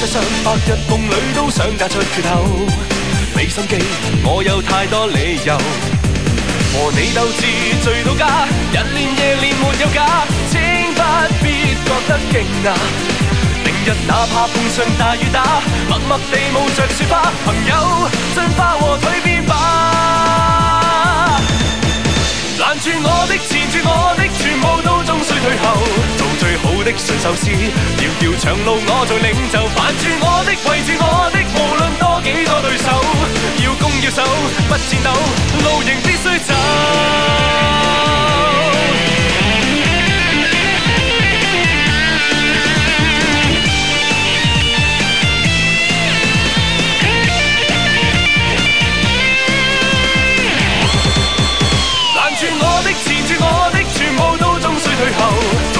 世上白日夢裏都想嫁出缺口，你心機，我有太多理由，和你鬥智，醉到家，日練夜練沒有假，請不必覺得驚訝。明日哪怕碰上大雨打，默默地冒着雪花，朋友。馴獸師，條條長路，我做領袖。攔住我的，圍住我的，無論多幾多對手，要攻要守，不顫抖，路仍必須走。 攔住我的，纏住我的，全部都終須退後。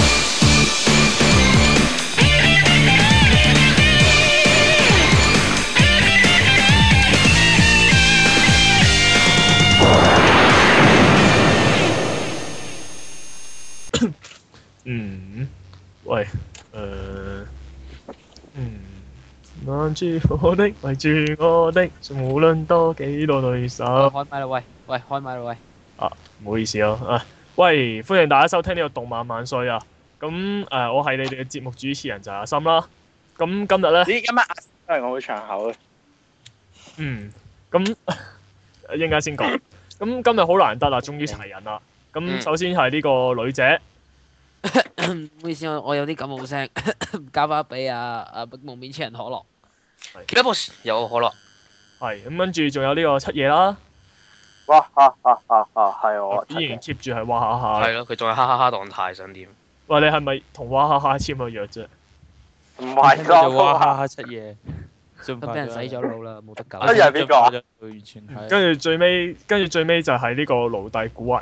嗯，喂，誒、呃，嗯，望住我的，圍住我的，無論多幾多對手。開咪啦喂，喂，開咪啦喂。啊，唔好意思啊，啊，喂，歡迎大家收聽呢個動漫萬歲啊。咁誒、呃，我係你哋嘅節目主持人就阿心啦。咁今日咧，咦、嗯，今日阿心係我好長口。啊。嗯，咁一陣間先講。咁今日好難得啊，終於齊人啦。咁首先係呢個女仔。唔 好意思，我有啲感冒聲，交翻俾阿阿蒙面超人可樂，是有可樂，係，跟住仲有呢個七夜啦，哇哈哈哈係我依然 keep 住係哇哈哈、啊，係咯，佢仲係哈哈哈當太想點？喂，你係咪同哇哈哈簽個約啫？唔係咯，哇哈哈七夜都俾人洗咗腦啦，冇 了 得搞。一日邊個？完全係、 嗯。跟住最尾、 嗯，跟住最尾就係呢個奴隸古雲。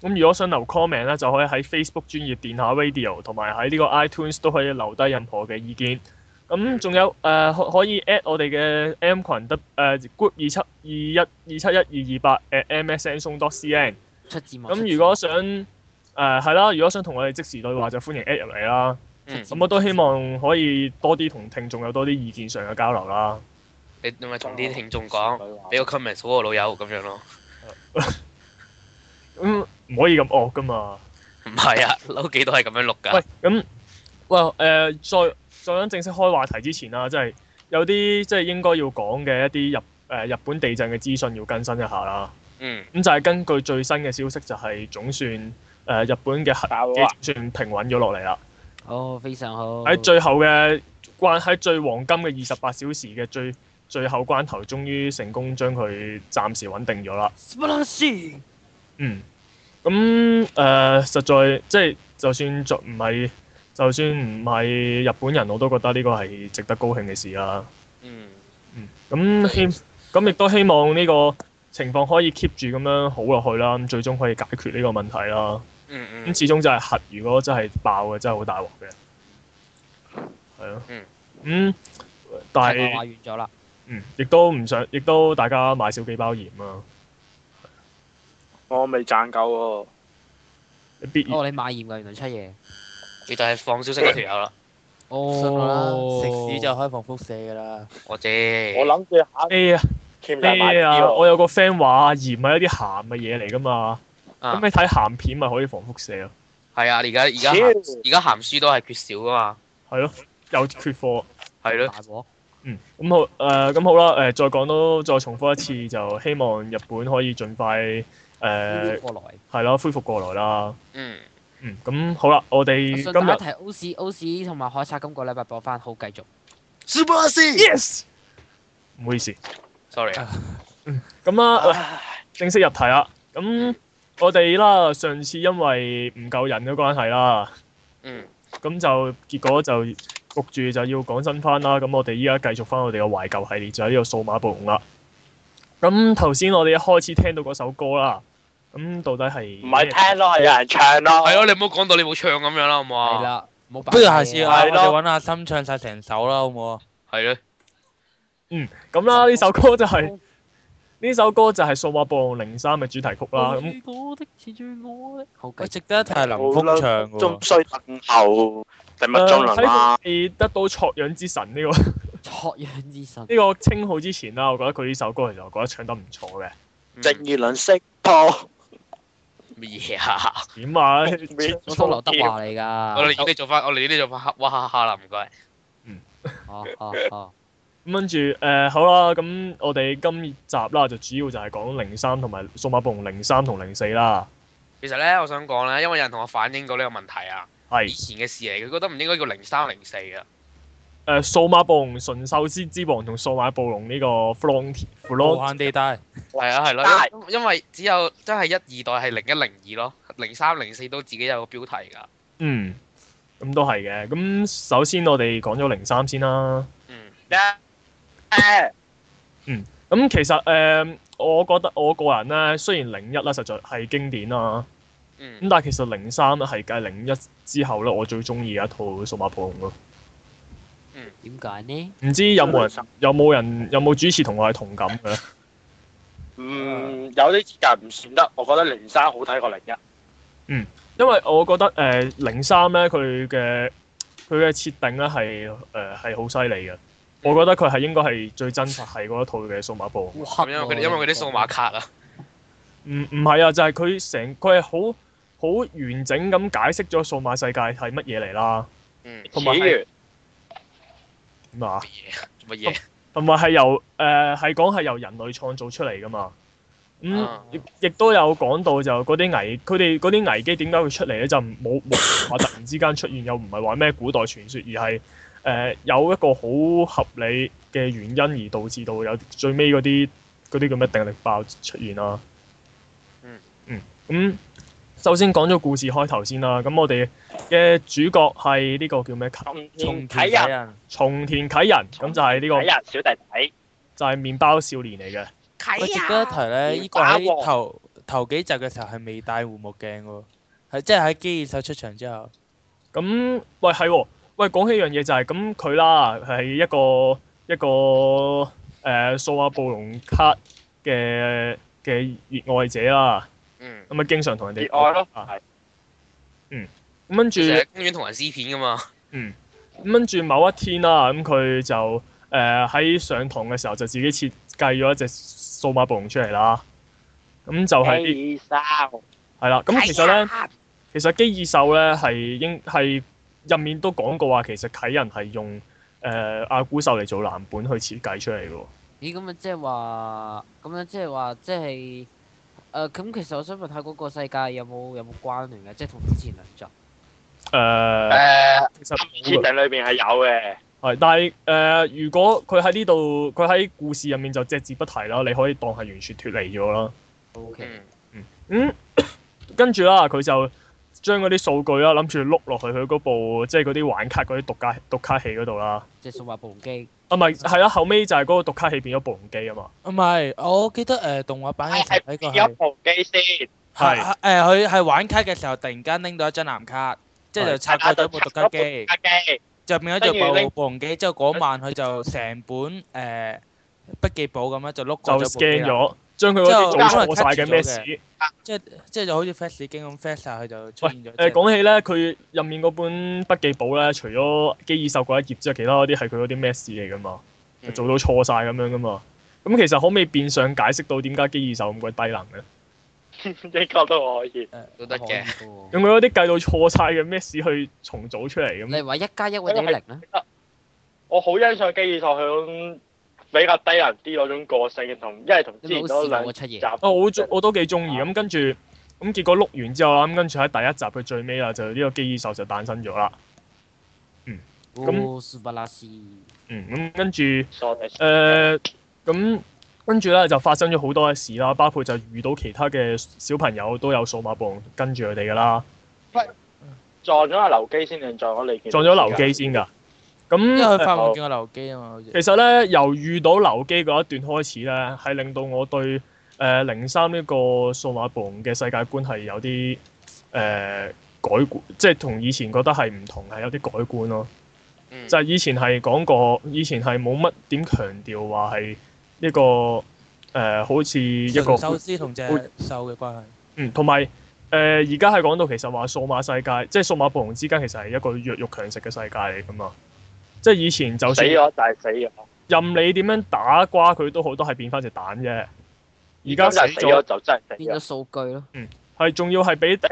咁如果想留 comment 咧，就可以喺 Facebook 專頁電下 Radio，同埋喺呢個 iTunes 都可以留低任何嘅意見。咁、嗯、仲有誒可、呃、可以 at 我哋嘅 M 群得誒、呃、group 二七二一二七一二二八 at MSN dot cn 七字咁、嗯、如果想誒係啦，如果想同我哋即時對話，就歡迎 at 入嚟啦。咁、嗯、我都希望可以多啲同聽眾有多啲意見上嘅交流啦。你你咪同啲聽眾講，俾話個 comment 好啊老友咁樣咯。 咁唔、嗯、可以咁惡㗎嘛？唔係啊，老幾都係咁樣錄㗎。喂，咁、嗯，哇，誒、呃，再再講正式開話題之前啦、啊，即係有啲即係應該要講嘅一啲日誒日本地震嘅資訊要更新一下啦。嗯。咁、嗯、就係、是、根據最新嘅消息，就係總算誒、呃、日本嘅核幾算平穩咗落嚟啦。哦，非常好。喺最後嘅關，喺最黃金嘅二十八小時嘅最最後關頭，終於成功將佢暫時穩定咗啦。嗯嗯，咁誒、呃，實在即係，就算作唔係，就算唔係日本人，我都覺得呢個係值得高興嘅事啦、啊。嗯嗯，咁、嗯嗯、希，咁亦、嗯、都希望呢個情況可以 keep 住咁樣好落去啦，咁最終可以解決呢個問題啦。嗯咁、嗯、始終就係核，如果真係爆嘅，真係好大鑊嘅。係啊。嗯，嗯。但係買完咗啦。嗯，亦都唔想，亦都大家買少幾包鹽啊。我未賺夠喎，哦你買鹽噶，原來出嘢，原來係放消息嘅條友啦，哦，食屎就可以防輻射噶啦，我知，我諗住下，咩啊咩啊，我有個 friend 話鹽係一啲咸嘅嘢嚟噶嘛，咁你睇咸片咪可以防輻射咯，係啊，而家而家而家咸書都係缺少噶嘛，係咯，有缺貨，係咯，嗯，咁好誒，咁好啦，誒，再講多，再重複一次，就希望日本可以盡快。誒，係咯、呃啊，恢復過來啦。嗯嗯，咁好啦，我哋今日提 O 市 O 市同埋海賊今個禮拜播翻好繼續。S、yes。唔 好意思，sorry。 嗯，咁啊，正式入題啊。咁、嗯、我哋啦，上次因為唔夠人嘅關係啦。嗯。咁就結果就焗住就要講新番啦。咁我哋依家繼續翻我哋嘅懷舊系列，就喺、是、呢個數碼暴龍啦。咁頭先我哋一開始聽到嗰首歌啦，咁、嗯、到底係唔係聽咯，係有人唱咯，係咯，你唔好講到你冇唱咁樣啦，好唔好啊？係啦，冇辦法。不如下次啊，我哋揾阿森唱晒成首啦，好唔好啊？係咧。嗯，咁啦，呢首歌就係、是、呢首歌就係《數碼暴龍零三》嘅主題曲啦。咁，我、嗯嗯、的是最愛，嗯、我值得一提。林峰唱，仲需等候，係咪仲難啊？嗯、得到灼樣之神呢、這個？ 托人之身呢個稱號之前啦、啊，我覺得佢呢首歌其實我覺得唱得唔錯嘅。嗯、正月兩色破咩啊？點解？ 我收劉德華嚟噶。我哋做翻，我哋呢啲做翻。哇！吓啦，唔該。嗯，哦哦跟住誒，好啦，咁我哋今集啦，就主要就係講零三同埋數碼暴龍同零三同零四啦。其實咧，我想講咧，因為有人同我反映過呢個問題啊，係是以前嘅事嚟，佢覺得唔應該叫零三零四㗎。誒、uh, 數碼暴龍馴獸師之、之王同數碼暴龍呢個 Frontier 係啊係啦，因為只有真係一二代係零一零二咯，零三零四都自己有個標題㗎。嗯，咁都係嘅。咁首先我哋講咗零三先啦。 嗯。誒。嗯。咁其實誒，uh, 我覺得我個人咧，雖然零一咧實在係經典啦、啊。咁、嗯、但係其實零三咧係繼零一之後咧，我最中意嘅一套數碼暴龍咯。嗯，點解呢？唔知有冇人有冇人有冇主持同我係同感嘅？嗯，有啲時間唔算得，我覺得零三好睇過零一。嗯，因為我覺得誒零三咧，佢嘅佢嘅設定咧係誒係好犀利嘅，呃嗯、我覺得佢係應該係最真實係嗰一套嘅數碼暴。哇！因為佢哋因為佢啲數碼卡啊。唔唔係啊，就係佢成佢係好好完整咁解釋咗數碼世界係乜嘢嚟啦。同埋、嗯。嘛，做乜嘢？同埋係由誒係講係由人類創造出嚟㗎嘛。嗯，亦都有講到就嗰啲危，佢哋嗰啲危機點解會出嚟呢？就冇冇話突然之間出現， 又唔係話咩古代傳說，而係誒、呃、有一個好合理嘅原因，而導致到有最尾嗰啲嗰啲叫咩定力爆出現啦、啊。嗯嗯，咁、嗯。首先講咗故事開頭先啦，咁我哋嘅主角係呢個叫咩？松田啟人。松田啟人，咁就係呢、這個小弟弟，就係、是、麵包少年嚟嘅。啟人，麵包少年。值得一提咧，呢、這個喺頭頭幾集嘅時候係未戴護目鏡嘅，係即係喺機械手出場之後。咁，喂係、哦，喂講起一樣嘢就係、是，咁佢啦係一個一個誒，數、呃、碼暴龍卡嘅嘅熱愛者啦。嗯，咁咪經常同人哋熱愛咯，嗯、啊係，嗯，咁跟住公園同人試片噶嘛，嗯、呃，咁跟住某一天啦，咁佢就誒喺上堂嘅時候就自己設計咗一隻數碼暴龍出嚟啦，咁、嗯、就係機耳獸，係啦，咁其實咧，其實機耳獸咧係應係入面都講過話，其實啟人係用誒、呃、阿古獸嚟做藍本去設計出嚟嘅喎，咦、呃，咁啊，即係話咁樣，即係話，即係。誒咁、啊、其實我想問下嗰、那個世界有冇有冇關聯嘅，即係同之前兩集誒誒，設定裏邊係有嘅，係，但係誒、呃，如果佢喺呢度，佢喺故事入面就隻字不提啦，你可以當係完全脱離咗啦。OK，嗯嗯，嗯 跟住啦，佢就。將嗰啲數據啊，諗住碌落去佢嗰部即係嗰啲玩卡嗰啲讀卡讀卡器嗰度啦。即係數碼暴龍機。啊，唔係，係啊，後尾就係嗰個讀卡器變咗部暴龍機啊嘛。唔係、啊，我記得誒、呃、動畫版係係第一部暴龍機先。係、啊。誒、呃，佢係玩卡嘅時候，突然間拎到一張藍卡，即係就拆開咗部讀卡機，就變咗做部暴龍機。之後嗰晚佢就成本誒、呃、筆記簿咁樣，就碌就驚咗。將佢嗰啲做錯晒嘅咩事？啊、即即就好似 fast 死咁 fast 曬，佢就出現咗。誒講、呃、起咧，佢入面嗰本筆記簿咧，除咗基二壽嗰一頁之外，其他嗰啲係佢嗰啲咩事嚟噶嘛？嗯、做到錯晒咁樣噶嘛？咁、嗯、其實可唔可以變相解釋到點解基二壽咁鬼低能即 覺得我可以，嗯、都得嘅。有冇嗰啲計到錯晒嘅咩事去重組出嚟咁？你話一加一會點零咧？我好欣賞基二壽佢。比較低能啲嗰種個性，同一係同之前嗰兩集，哦，我中我都幾中意咁，啊、跟住咁、嗯、結果碌完之後啦，咁跟住喺第一集嘅最尾啊，就呢個機衣獸就誕生咗啦。嗯，咁、嗯、跟住誒，咁、呃、跟住咧就發生咗好多嘅事啦，包括就遇到其他嘅小朋友都有數碼暴龍跟住佢哋噶啦。啊、撞咗阿劉基先定撞咗李撞咗劉基先噶。咁去翻我見過流機啊嘛，嗯嗯、其實咧由遇到流機嗰一段開始咧，係令到我對誒零三呢個數碼暴龍嘅世界觀係有啲誒、呃、改觀，即係同以前覺得係唔同，係有啲改觀咯。嗯、就係以前係講過，以前係冇乜點強調話係一個誒、呃，好似一個壽司同隻獸嘅關係。嗯，同埋誒而家係講到其實話數碼世界，即、就、係、是、數碼暴龍之間其實係一個弱肉強食嘅世界嚟㗎嘛。即係以前就死咗，但係死咗，任你點樣打瓜佢都好多係變翻隻蛋啫。而家死咗就真係死咗，變咗數據咯。嗯，係仲要係俾俾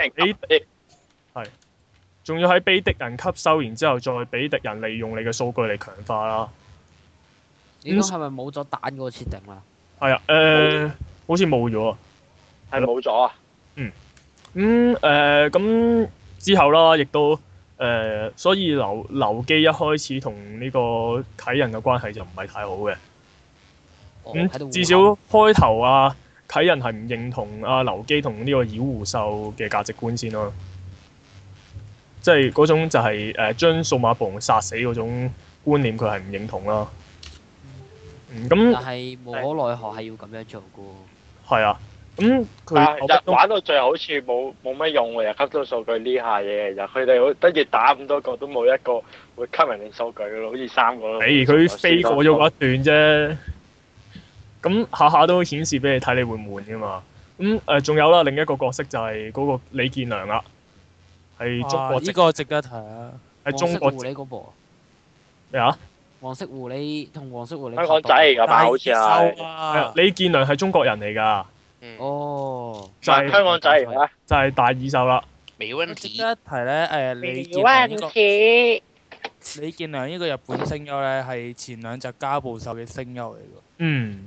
係，仲要係俾敵人吸收，然之後再俾敵人利用你嘅數據嚟強化啦。應該係咪冇咗蛋嗰個設定啦？係、嗯、啊，誒、呃，好似冇咗啊，係冇咗啊。嗯、咁、呃、誒，咁之後啦，亦都。誒、呃，所以劉劉基一開始同呢個啟人嘅關係就唔係太好嘅。咁至少開頭啊，啟人係唔認同啊劉基同呢個妖狐獸嘅價值觀先咯。即係嗰種就係誒將數碼暴殺死嗰種觀念，佢係唔認同啦。咁、嗯、但係無可奈何、欸，係要咁樣做㗎。係啊。咁佢玩到最後好似冇冇乜用喎，又吸收數據呢下嘢就佢哋好跟住打咁多個都冇一個會吸人哋數據噶咯，好似三個咯。哎、欸，佢飛過咗一段啫。咁下下都顯示俾你睇，你會唔會悶噶嘛？咁、嗯、誒，仲、呃、有啦，另一個角色就係嗰個李建良啦、啊，係中國。依、啊這個值得睇啊！係中國。黃色狐狸嗰部咩啊？麼黃色狐狸同黃色狐狸。香港仔嚟噶嘛？好似啊。李健良係中國人嚟㗎。哦，oh, 就係、是、香港仔嚟嘅，就係大耳獸啦。冇問題。一呢一題咧，誒，李建李建良呢個日本聲優咧係前兩集加布獸嘅聲優嚟嘅。嗯，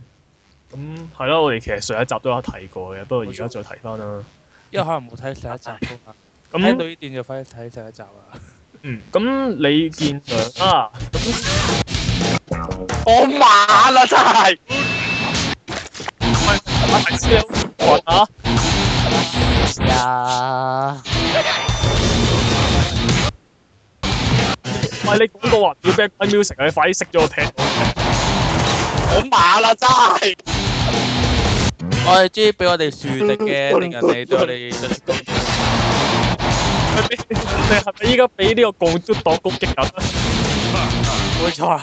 咁係咯，我哋其實上一集都有提過嘅，不過而家再提翻啦。因為可能冇睇上一集啊嘛，聽 到呢段就快啲睇上一集啦。嗯，咁李建良 啊，我麻啦、啊、真係。 我係食，我啊，呀、啊！唔係、啊、 你講過話要 back I music 啊，你快啲熄咗我艇、啊！好馬啦真係，我哋知俾我哋樹敵嘅，你係咪？我哋，你係咪依家俾呢個共軍黨攻擊緊？冇錯，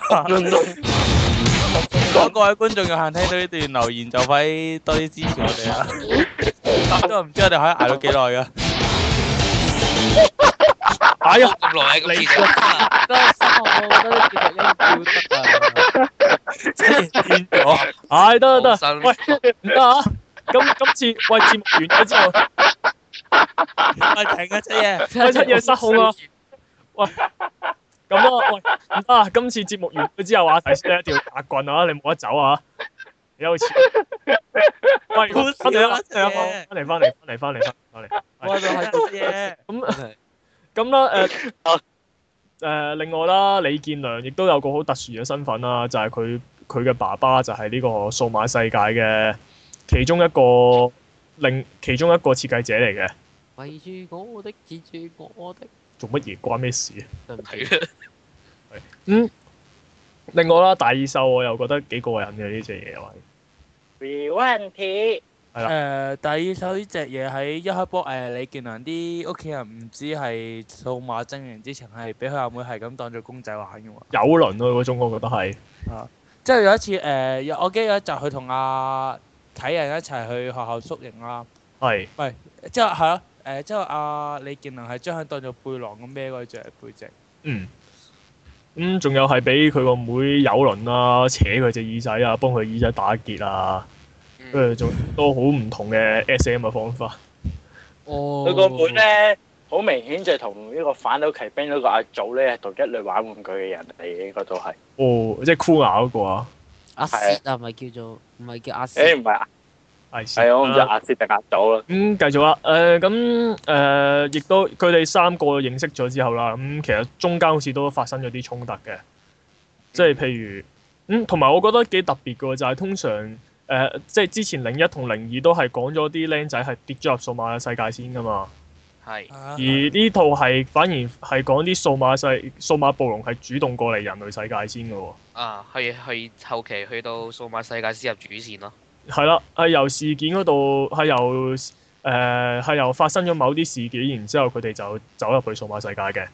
講各位觀眾，有幸聽到呢段留言，就快多啲支持我哋啦！都唔知我哋可以挨到幾耐㗎？挨咗咁耐，你？失控，我覺得都幾好笑啊！真變咗，係得得得，喂，唔得啊！今今次喂節目完咗之後，喂停啊七爺，七爺失控啦！咁、嗯、啊、哎，啊！今次節目完咗之後啊，首先咧一條白棍啊，你冇得走啊，你好似、啊、 喂，翻嚟啦，翻嚟，翻嚟，翻嚟，翻嚟，翻嚟，我哋咁咁啦，誒、嗯、誒、嗯嗯，另外啦，李建良亦都有個好特殊嘅身份啦、啊，就係佢佢嘅爸爸就係呢個數碼世界嘅其中一個另其中一個設計者嚟嘅。圍住嗰個的，接住嗰個的。做乜嘢關咩事啊？真係，嗯。另外啦，大耳獸我又覺得幾過癮嘅呢隻嘢。喂 Rewind。係啦。誒，大耳獸呢隻嘢喺一開波，誒李健良啲屋企人唔知係數碼精靈之前，係俾佢阿妹係咁當做公仔玩嘅 有輪咯、啊，種我總共覺得係。 啊。即係有一次誒、呃，我記得就佢同阿睇人一齊去學校宿營啦。係是。唔即係係咯。誒即係阿李健能係將佢當做背囊咁孭佢著喺背脊。嗯。咁仲有係俾佢個妹遊輪啦，啊，扯佢隻耳仔啊，幫佢耳仔打結啊，跟住仲都好唔同嘅 SM 嘅方法。哦。佢個妹咧，好明顯就係同呢個反斗奇兵嗰個阿祖咧，同一類玩玩具嘅人嚟，嘅。應該都係。哦，即係箍牙嗰個啊？阿斯。啊，唔係叫做，唔係叫阿斯，啊。唔係、欸，啊。係我唔知壓線就壓到啦。咁、嗯、繼續啦，誒、呃，咁誒、呃，亦都佢哋三個認識咗之後啦，咁、嗯、其實中間好似都發生咗啲衝突嘅，即係譬如，咁同埋我覺得幾特別嘅就係、是、通常誒、呃，即係之前零一同零二都係講咗啲僆仔係跌咗入數碼嘅世界先嘅嘛，係是。而呢套係反而係講啲數碼世數碼暴龍係主動過嚟人類世界先嘅喎。啊，係係後期去到數碼世界先入主線咯。係啦，係由事件嗰度，係由誒，係、呃、由發生咗某啲事件，然之後佢哋就,就走入去數碼世界嘅。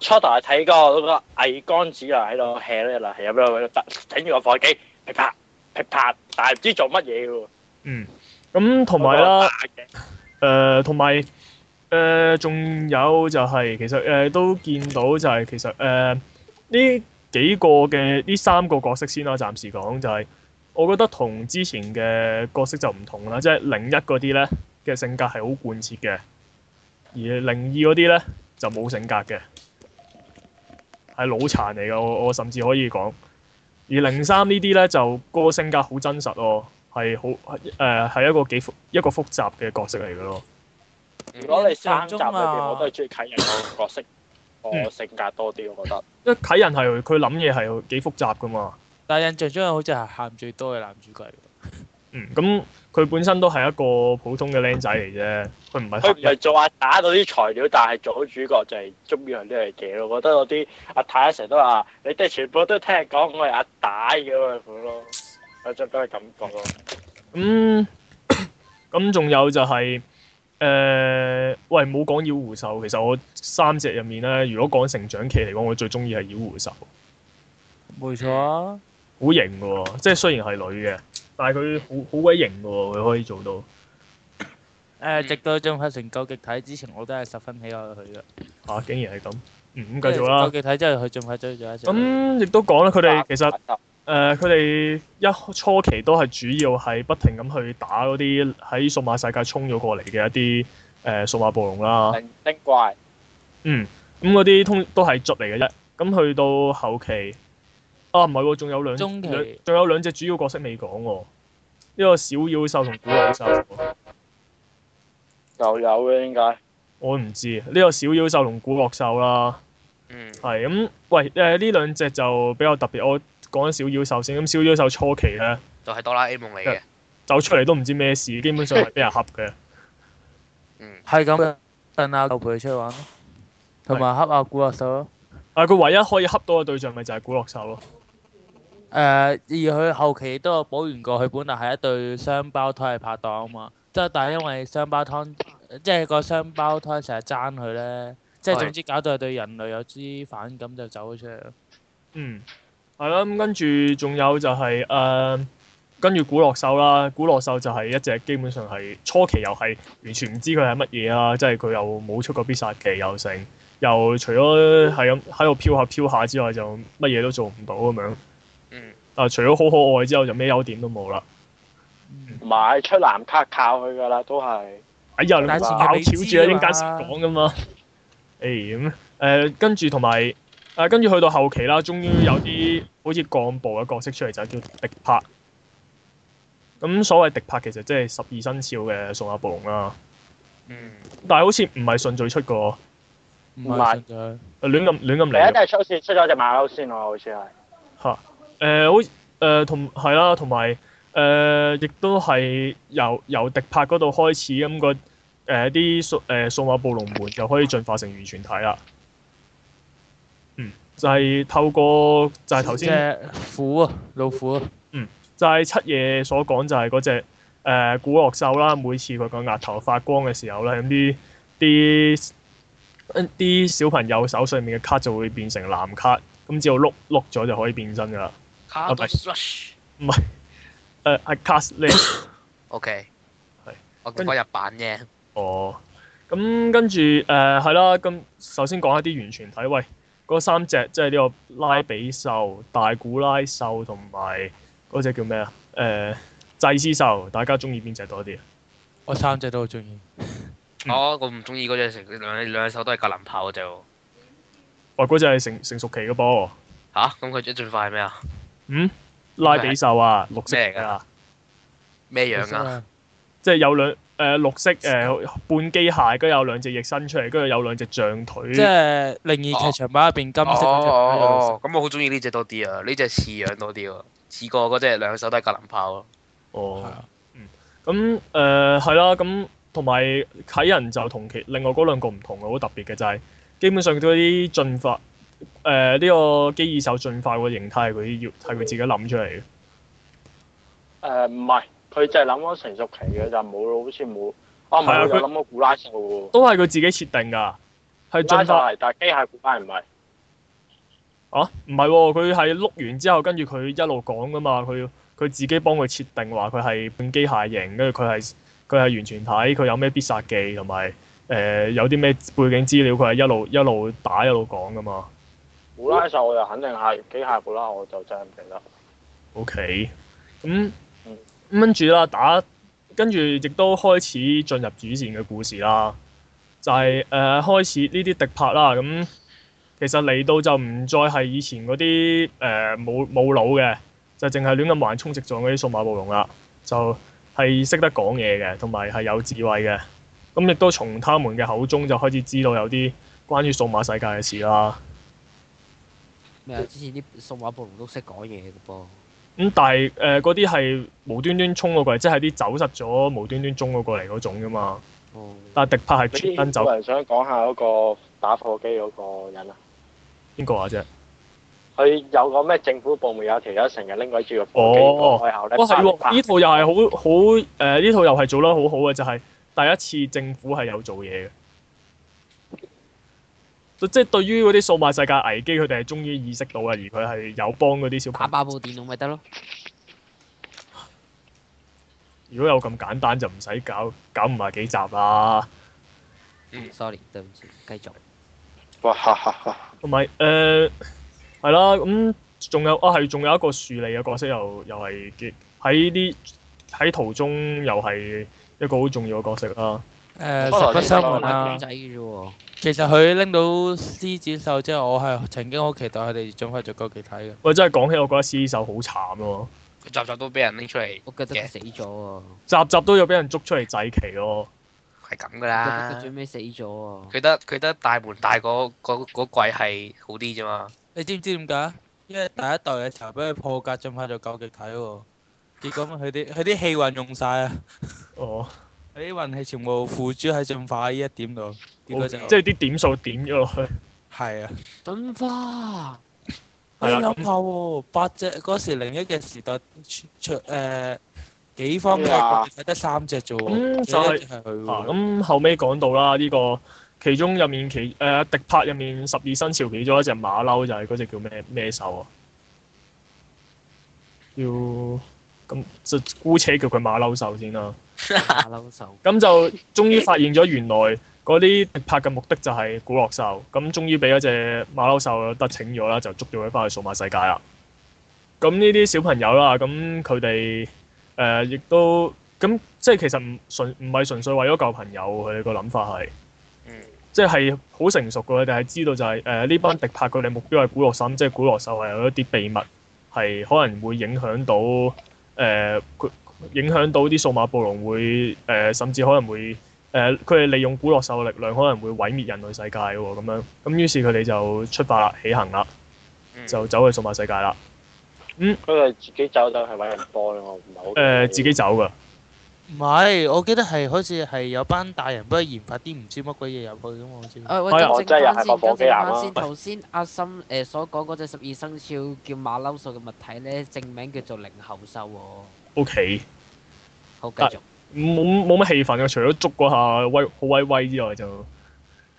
初頭睇個嗰個魏光子啊，喺度 hea 啦，喺度睇住個火機，噼啪噼啪，但係唔知做乜嘢喎。嗯，咁同埋啦，誒同埋誒仲有就係、是、其實誒、呃、都見到就係、是、其實誒呢、呃、幾個嘅呢三個角色先啦，暫時講就係、是。我覺得同之前嘅角色就唔同啦，即係零一嗰啲呢嘅性格係好貫徹嘅，而零二嗰啲呢就冇性格嘅，係腦殘嚟嘅。我我甚至可以講，而零三呢啲呢就個性格好真實喎，係好誒係一個幾複一個複雜嘅角色嚟嘅咯。如果你三集裏邊，我都係鍾意啟人角色，個、嗯、性格多啲，我覺得。因為啟人係佢諗嘢係幾複雜㗎嘛。但印象中好似係喊最多嘅男主角喎。嗯，咁佢本身都係一個普通嘅僆仔嚟啫，佢唔係佢唔係做阿打嗰啲材料，但係做好主角就係中意嗰啲嘢咯。我覺得嗰啲阿太成日都話：你哋全部都聽講我係阿打咁樣款咯。我最多咁講咯。咁咁仲有就係、是、誒、呃、喂，冇講妖狐獸，其實我三隻入面咧，如果講成長期嚟講，我最中意係妖狐獸。冇錯啊！好型喎！即係雖然係女嘅，但係佢好好鬼型嘅喎，佢可以做到。誒，直到進化成究極體之前，我都係十分喜愛佢嘅。嚇、啊！竟然係咁，嗯，咁繼續啦。究極體之後，佢仲係追咗一咁亦都講啦，佢哋其實誒，佢、呃、哋一初期都係主要係不停咁去打嗰啲喺數碼世界衝咗過嚟嘅一啲誒、呃、數碼暴龍啦。怪嗯。嗯，咁嗰啲通都係卒嚟嘅啫。咁、嗯嗯、去到後期。啊，唔係喎，仲有兩仲期有兩隻主要角色未講喎，呢個小妖獸同古樂獸，又有嘅，點解？我唔知呢個小妖獸同古樂獸啦，嗯，係咁，喂，誒、呃，呢兩隻就比較特別，我講緊小妖獸先，咁、嗯、小妖獸初期咧，就係哆啦 A 夢嚟嘅，走出嚟都唔知咩事，基本上係俾人恰嘅， 嗯，係咁嘅，等阿牛陪佢出去玩咯，同埋恰下古樂獸咯，啊，佢唯一可以恰到嘅對象咪就係古樂獸咯。誒、呃，而佢後期都有補完過。佢本來係一對雙胞胎拍檔啊嘛。即係，但係因為雙胞胎，即係個雙胞胎成日爭佢咧，即係總之搞到係對人類有啲反感就，就走咗出嚟。嗯，係咯。咁跟住仲有就係、是、誒、呃，跟住古樂獸啦。古樂獸就係一隻，基本上係初期又係完全唔知佢係乜嘢啦。即係佢又冇出過必殺技又，又成又除咗係咁喺度飄下飄下之外，就乜嘢都做唔到咁樣。啊！除咗好可愛之後，就咩優點都冇啦。唔係，出藍卡靠佢噶啦，都係。哎呀，你靠挑住啊！英間先講噶嘛。誒咁誒，跟住同埋啊，跟住去到後期啦，終於有啲好似幹部嘅角色出嚟，就係叫迪柏。咁所謂迪柏，其實即係十二生肖嘅數碼暴龍啦。嗯。但係好似唔係順序出過。唔係。亂咁亂咁嚟。嚟啊！都係出咗隻馬騮先喎，好似係。嚇～誒，好、呃，誒，同係啦，同埋誒，亦都係由由迪柏嗰度開始咁個誒啲數誒數碼暴龍門就可以進化成完全體啦。嗯，就係、是、透過，就係頭先。隻虎、呃、啊，老虎。啊。嗯，就係、是、七爺所講，就係嗰隻誒古惡獸啦。每次佢個額頭發光嘅時候咧，咁啲啲啲小朋友手上面嘅卡就會變成藍卡，咁只要碌碌咗就可以變身噶啦。唔係，唔係，誒，Icast i 咧，O K，係，啊啊啊、我日版嘅。哦，咁跟住誒係啦，咁、呃嗯、首先講一啲完全體。喂，嗰三隻即係呢個拉比獸、大古拉獸同埋嗰隻叫咩啊？誒、呃，祭司獸，大家中意邊隻多啲啊？我三隻都好中意。 嗯、哦，我唔中意嗰隻成兩隻兩隻手都係格林炮嗰隻喎。哇！嗰隻係成成熟期嘅噃。吓、啊，咁佢最最快係咩啊？嗯，拉比獸啊，綠色嚟噶，咩樣啊？即係有兩誒、呃、綠色誒、呃、半機械，跟住有兩隻翼伸出嚟，跟住有兩隻象腿。即係另一隻長矛入邊金色。哦哦，咁我好中意呢隻多啲啊，呢隻似樣多啲啊。似過嗰隻兩手都係格林炮咯。哦，係、哦、啊，嗯，咁誒係啦，咁同埋啟人就同其另外嗰兩個唔同嘅好特別嘅就係、是，基本上都啲進化。誒呢、呃呢個機耳手進化個形態佢要係佢自己諗出嚟嘅。誒唔係，佢就係諗咗成熟期嘅就冇咯，好似冇。哦，係啊，佢諗個古拉獸。都係佢自己設定㗎，係進化係，但係機械古拉唔係。啊？唔係喎，佢係碌完之後，跟住佢一路講㗎嘛，佢佢自己幫佢設定話佢係半機械型，跟住佢係佢係完全睇佢有咩必殺技同埋誒有啲咩、呃、背景資料，佢係一路一路，一路打一路講㗎嘛。好啦，就我就肯定係幾下古啦，我就真唔記得。OK，咁跟住啦，打跟住亦都開始進入主線嘅故事啦，就係、是、誒、呃、開始呢啲迪拍啦。咁其實嚟到就唔再係以前嗰啲誒冇冇腦嘅，就淨係亂咁橫衝直撞嗰啲數碼暴龍啦，就係、是、識得講嘢嘅，同埋係有智慧嘅。咁亦都從他們嘅口中就開始知道有啲關於數碼世界嘅事啦。之前啲數碼暴龍都識講嘢嘅噃。咁但係誒，嗰啲係無端端衝過嚟，即係啲走失咗無端端衝嗰個嚟嗰種噶嘛。但係迪帕係專登走。人想講下嗰個打火機嗰個人啊？邊個啊？啫？佢有個咩政府部門有其他成日拎嗰啲豬肉，幾哦。係呢套又係好好誒，呢套又係做得好好嘅，就係第一次政府係有做嘢嘅。即係對於嗰啲數碼世界危機，佢哋係終於意識到啦，而佢係有幫嗰啲小朋友打爆部電腦咪得咯。如果有咁簡單就唔使搞，搞唔埋幾集啦。嗯，Sorry，對唔住，繼續。哇哈哈哈！唔係誒，係、呃、啦，咁、嗯、仲有啊，係仲有一個樹莉嘅角色，又又係嘅喺啲喺途中又係一個好重要嘅角色啦。誒，呃啊、其實佢拎到獅子獸之後，我係曾經好期待佢哋進化做究極體嘅。喂、欸，真係講起，我覺得獅子獸好慘喎、啊。佢集集都俾人拎出嚟，我覺得死咗喎、啊。集集都有俾人捉出嚟祭旗咯、啊。係咁㗎啦。最尾死咗喎、啊。佢得佢得大門大嗰嗰嗰季係好啲啫嘛。你知唔知點解？因為第一代嘅時候，俾佢破格進化做究極體喎、啊， 結果佢啲佢啲氣運用晒啊。哦 Oh. 啲運氣全部付諸喺進化呢一點度，即係啲點數點咗落去。係啊，進化、哎呀。我諗下喎，八隻嗰時另一嘅時代出誒幾方嘅，得三隻啫喎，只係佢。咁、啊嗯、後尾講到啦，呢、這個其中入面其誒、呃、迪柏，入面十二生肖其中一隻馬騮，就係嗰隻叫咩咩獸啊？叫咁就姑且叫佢馬騮獸先啦。馬騮獸咁就終於發現咗，原來嗰啲迪拍嘅目的就係古樂獸。咁終於俾一隻馬騮獸得逞咗啦，就捉咗佢翻去數碼世界啦。咁呢啲小朋友啦，咁佢哋誒亦都咁即係其實唔純唔係純粹為咗救朋友，佢哋個諗法係，嗯，即係好成熟嘅，佢哋係知道就係誒呢班迪拍佢哋目標係古樂獸，即係古樂獸係有一啲秘密係可能會影響到。誒佢、呃、影響到啲數碼暴龍會誒、呃，甚至可能會誒，佢、呃、哋利用古樂獸嘅力量，可能會毀滅人類世界喎、哦。咁樣咁，於是佢哋就出發啦，起行啦，嗯、就走去數碼世界啦。嗯，佢哋自己走就係揾人幫咯，唔係好誒、呃、自己走㗎。唔係，我記得係好似係有班大人幫佢研發啲唔知乜鬼嘢入去噶嘛，好似。誒喂，林正斌先，林正斌先，頭先阿森誒、呃、所講嗰隻十二生肖叫馬騮獸嘅物體咧，正名叫做靈猴獸喎、哦。O Okay . K。好，繼續。冇冇咩氣氛啊！除咗捉嗰下威好威威之外就，就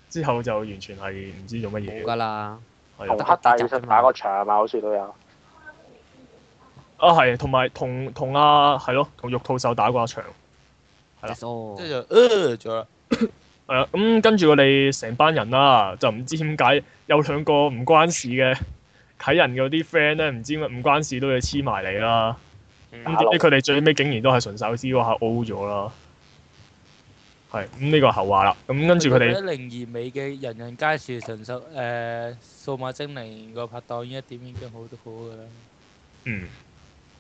之後就完全係唔知做乜嘢。好噶啦。紅黑對大戰打個場啊嘛，好似都有。啊係，同埋同同啊，係咯，同玉兔手打過一場，係啦，即係呃咗啦，係、嗯、啊，咁跟住我哋成班人啦，就唔知點解有兩個唔關事嘅睇人嘅啲 friend 咧，唔知乜唔關事都要黐埋你啦，咁點知佢哋最尾竟然都係純手指個下 O 咗啦，係、哦，咁呢、嗯這個後話啦，咁、嗯、跟住佢哋一零二尾嘅人人皆是純手誒、呃、數碼精靈個拍檔，依一點已經好都好噶啦，嗯。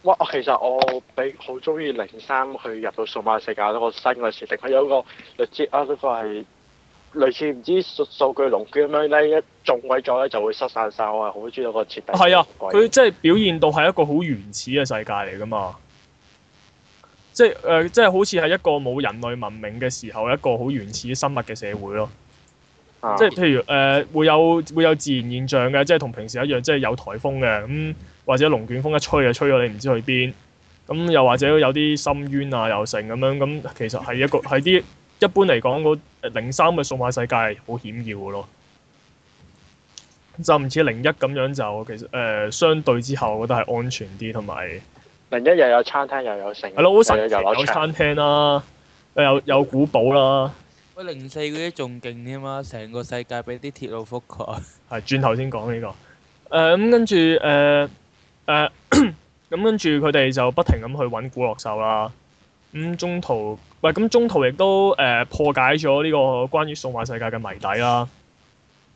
哇！其實我比好中意零三去入到數碼世界咯，嗰個新嘅設定佢有個類似啊，嗰、嗰個係類似唔知數，數據龍捲咁樣咧，一種鬼咗咧就會失散晒。我係好中意嗰個設定。係啊，佢即係表現到係一個好原始嘅世界嚟噶嘛。即係誒，即係、就是呃就是、好似係一個冇人類文明嘅時候，一個好原始生物嘅社會咯。即係、啊、譬如誒、呃，會有會有自然現象嘅，即係同平時一樣，即、就、係、是、有颱風嘅咁。嗯或者龍捲風一吹就吹咗你唔知去邊，咁又或者有啲深淵啊又成咁樣，咁其實係一個係啲一,一般嚟講嗰零三嘅數碼世界係好險要嘅咯，就唔似零一咁樣就，其實誒、呃、相對之後，我覺得係安全啲同埋，零一有又有餐廳又有成，成日、嗯嗯、餐廳啦、啊，又又古堡啦、啊，喂零四嗰啲仲勁添嘛，成個世界俾啲鐵路覆蓋、啊，係轉頭先講呢個，誒、呃、咁跟住誒。呃誒咁 跟住佢哋就不停咁去揾古樂獸啦。咁中途，喂，咁中途亦都誒、呃、破解咗呢個關於數碼世界嘅謎底啦。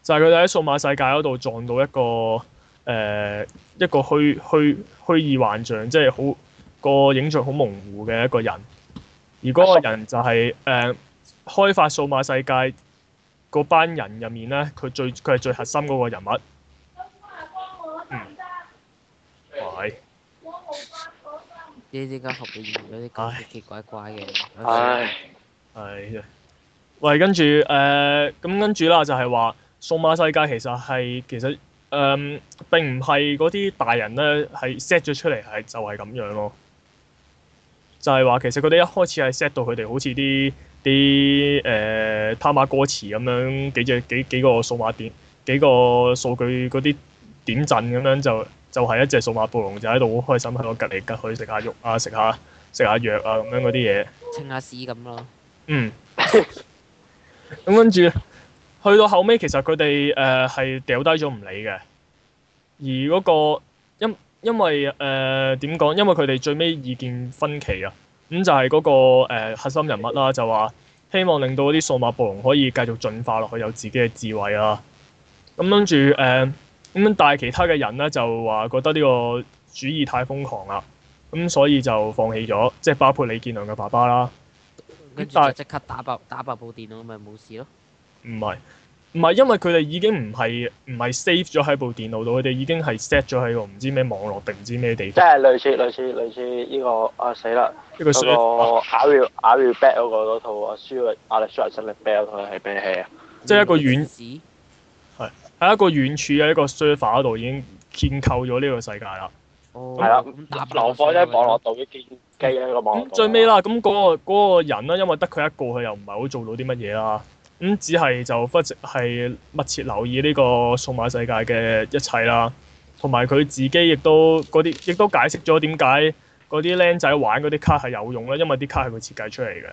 就係佢哋喺數碼世界嗰度撞到一個誒、呃、一個虛虛虛擬幻象，即係好個影像好模糊嘅一個人。而嗰個人就係、是、誒、呃、開發數碼世界嗰班人入面咧，佢最佢係最核心嗰個人物。嗯喂，呢啲咁學嘅嘢，嗰啲奇奇怪怪嘅，唉、哎，係跟住誒，咁、呃、跟住啦，就係話數碼世界其實係其實誒、呃，並唔係嗰啲大人呢係 set 咗出嚟係就係咁樣咯，就係、是、話其實佢哋一開始係 set 到佢哋好似啲啲誒探碼歌詞咁樣幾隻幾幾個數碼點幾個數據嗰啲點陣咁樣就。就係一隻數碼暴龍，就喺度好開心，喺我隔離隔去食下肉啊，食下食下藥啊，咁樣嗰啲嘢，清下屎咁咯。嗯。咁跟住，去到後尾，其實佢哋誒係掉低咗唔理嘅。而嗰個因因為誒點講？因為佢哋、呃、最尾意見分歧啊。咁就係嗰個、呃、核心人物啦、啊，就話希望令到啲數碼暴龍可以繼續進化落去，有自己嘅智慧啊。咁跟住誒。呃咁但係其他嘅人咧就話覺得呢個主意太瘋狂啦，咁所以就放棄咗，即係包括李建良嘅爸爸啦。跟住即刻打爆打爆部電腦咪冇事咯。唔係唔係，因為佢哋已經唔係唔係 save 咗喺部電腦度，佢哋已經係 set 咗喺個唔知咩網絡定唔知咩地方。即係類似類似類似呢個啊死啦！呢個 Arrow a r b a c 嗰個嗰套啊，Shy Alex Bell 係咩戲啊？即係一個院子。喺一個遠處嘅一個 server 度已經建構咗呢個世界啦，係啦、嗯，流放喺網絡度嘅天機嘅一個網絡、網絡、網絡、網絡。咁最尾啦，咁嗰個、嗰個人咧，因為得佢一個，佢又唔係好做到啲乜嘢啦，咁只係就一直密切留意呢個數碼世界嘅一切啦，同埋佢自己亦都啲亦都解釋咗點解嗰啲僆仔玩嗰啲卡係有用咧，因為啲卡係佢設計出嚟嘅。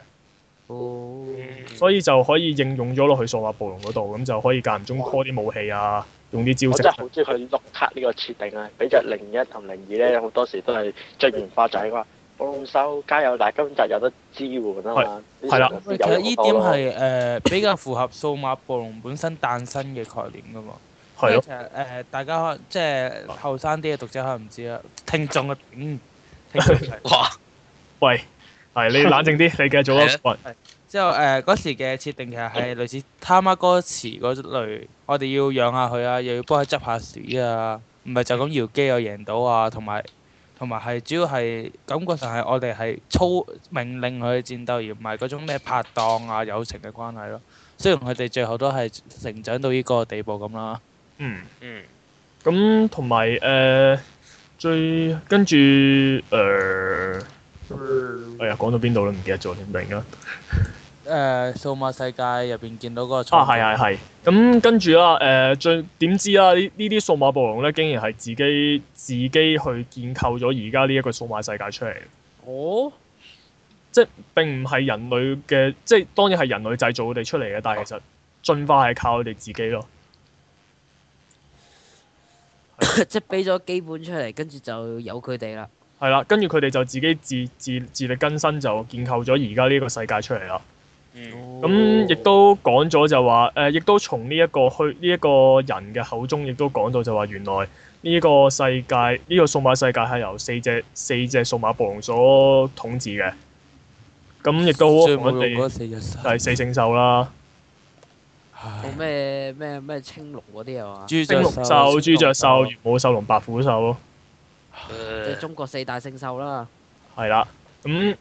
哦，oh, 所以就可以應用咗落去數碼暴龍嗰度，咁就可以間唔中 call 啲武器啊，用啲招式。我真係好中意佢碌卡呢個設定啊！俾著零一同零二咧，好多時都係著完化仔啊嘛，冇咁收，加油！但係根本就有得支援啊嘛。係啦，油油其實呢點係誒、呃、比較符合數碼暴龍本身誕生嘅概念噶嘛。係咯的。誒、呃，大家可能即係後生啲嘅讀者可能唔知啊，聽眾啊，嗯，聽眾哇， 喂。係 你冷靜啲，你繼續咯。之後誒、嗰、呃、時嘅設定其實係類似《他媽哥池》嗰類，我哋要養下佢啊，又要幫佢執下屎啊，唔係就咁搖機又贏到啊，同埋同埋係主要係感覺上係我哋係操命令佢戰鬥，而唔係嗰種咩拍檔啊友情嘅關係咯。雖然佢哋最後都係成長到呢個地步咁啦。嗯嗯。咁同埋誒，最跟住誒。呃哎呀，講到邊度都唔記得咗，唔明啦。誒、呃，數碼世界入邊見到嗰個啊，係系係。咁、嗯、跟住啦，誒、呃，最點知啦？數碼暴龍呢呢啲數碼暴龍咧，竟然係自己自己去建構咗而家呢一個數碼世界出嚟。哦，即係並唔係人類嘅，即係當然係人類製造佢哋出嚟嘅。但係其實進化係靠佢哋自己咯。哦、的 即係俾咗基本出嚟，跟住就有佢哋啦。係啦，跟住佢哋就自己自自自力更生，就建構咗而家呢個世界出嚟啦。咁亦都講咗就話，誒，亦都從呢一個去呢一個人嘅口中，亦都講到就話，原來呢個世界，呢個數碼世界係由四隻四隻數碼暴龍所統治嘅。咁亦都我哋係四聖獸啦。冇咩咩咩青龍嗰啲啊嘛。青龍獸、朱雀獸、玄武獸、龍白虎獸。 中國四大聖獸啦，係啦咁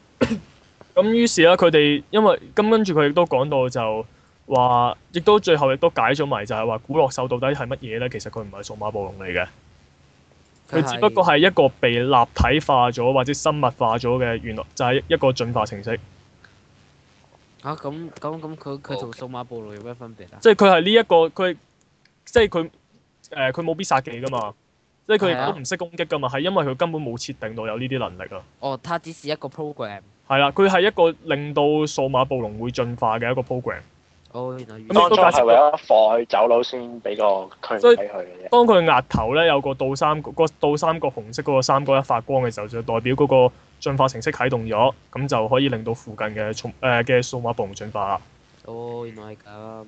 咁於是啦，佢、嗯、哋、嗯、因為咁跟住佢亦都講到就話，亦都最後亦都解咗埋就係話，古洛獸到底係乜嘢咧？其實佢唔係數碼暴龍嚟嘅，佢是只不過係一個被立體化咗或者生物化咗嘅，原來就係一個進化程式。啊咁咁咁，佢佢同數碼暴龍有咩分別啊？啊別 即係佢係呢一個佢，即係佢誒，佢、呃、冇必殺技㗎嘛？即係佢亦都唔識攻擊㗎嘛，係因為佢根本冇設定到有呢啲能力啊。哦，它只是一個 program。係啦，佢係一個令到數碼暴龍會進化嘅一個 program。哦，原來，原來當，當初係為咗放佢走佬先俾個驅使佢嘅當佢額頭咧有個倒三角、個倒三角紅色嗰個三角一發光嘅時候，就代表嗰個進化程式啟動咗，咁就可以令到附近嘅從嘅、呃、數碼暴龍進化啦。哦，原來係咁。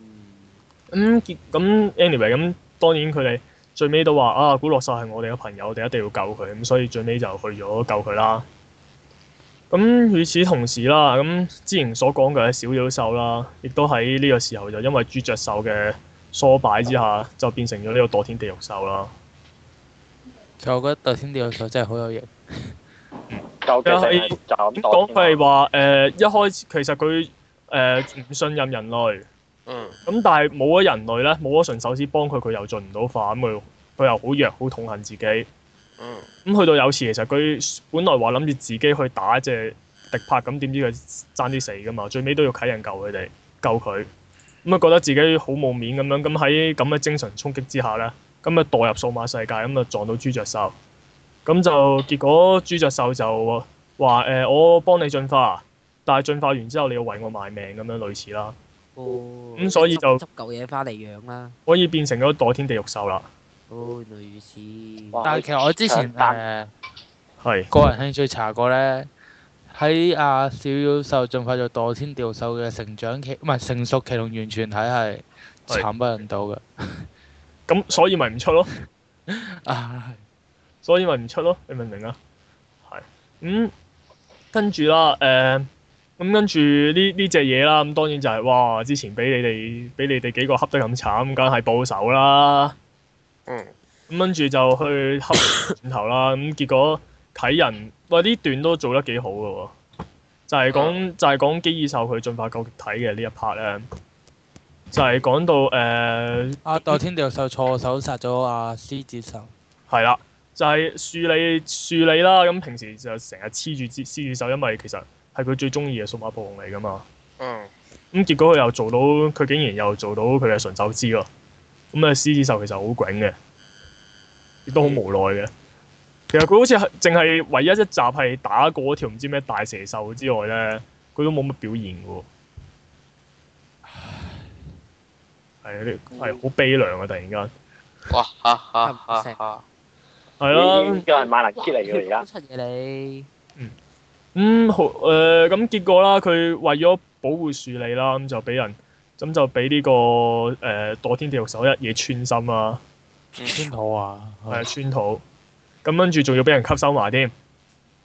咁咁、嗯嗯、anyway，咁、嗯、當然佢哋。最尾都話啊，古洛獸係我哋嘅朋友，我哋一定要救佢咁，所以最尾就去咗救佢啦。咁與此同時啦，咁之前所講嘅小妖獸啦，亦都喺呢個時候就因為豬著獸嘅疏擺之下，就變成咗呢個墮天地獄獸啦。其實我覺得墮天地獄獸真係好有型。 就係咁講廢話誒，一開始其實佢誒唔信任人類。咁但係冇咗人類咧，冇咗純手撕幫佢，佢又進唔到化咁嘅，佢又好弱，好痛恨自己。咁、嗯、去到有時其實佢本來話諗住自己去打隻迪帕，咁點知佢爭啲死噶嘛，最尾都要啟人救佢哋，救佢，咁啊覺得自己好冇面咁樣，咁喺咁嘅精神衝擊之下咧，咁啊墮入數碼世界，咁啊撞到朱雀獸，咁就結果朱雀獸就話誒、呃、我幫你進化，但係進化完之後你要為我賣命咁樣類似啦。咁、哦嗯、所以就執舊嘢翻嚟養啦，可以變成咗墮天地獄獸啦。哦，類似。哇但係其實我之前誒係、啊呃、個人興趣查過咧，喺啊是小妖獸進化咗墮天地獄獸嘅成長期，唔係成熟期同完全體係慘不忍睹嘅。咁是 所以咪唔出咯。係、 啊，是所以咪唔出咯。你明唔明啊？係。咁、嗯、跟住啦，誒、呃。咁跟住呢呢隻嘢啦，咁當然就係、是、哇！之前俾你哋俾你哋幾個恰得咁慘，梗係報仇啦。嗯。咁跟住就去恰斷 頭啦。咁結果睇人喂，呢段都做得幾好嘅喎，就係、是、講、mm. 就係講基爾獸佢進化究極體嘅呢一 part 咧，就係、是、講到誒。阿、呃、代、啊、天帝獸錯手殺咗阿獅子獸。係、就是、啦，就係樹理，樹理啦。咁平時就成日黐住獅子獸，因為其實。係佢最中意嘅數碼暴龍嚟噶嘛？嗯，咁結果佢又做到，佢竟然又做到佢嘅純手撕咯。咁啊，獅子獸其實好囧嘅，亦都好無奈嘅。其實佢好似係淨係唯一一集係打過條唔知咩大蛇獸之外咧，佢都冇乜表現嘅。係啊，係好悲涼啊！突然間，哇哈哈哈！係咯，又係萬能 key 嚟嘅而家。嗯，好誒咁結果啦，佢為咗保護樹利啦，咁就俾人咁就俾呢、這個誒、呃、墮天地獄獸一嘢穿心啦。穿肚、嗯、啊！係、嗯、穿肚土。咁跟住仲要俾人吸收埋添。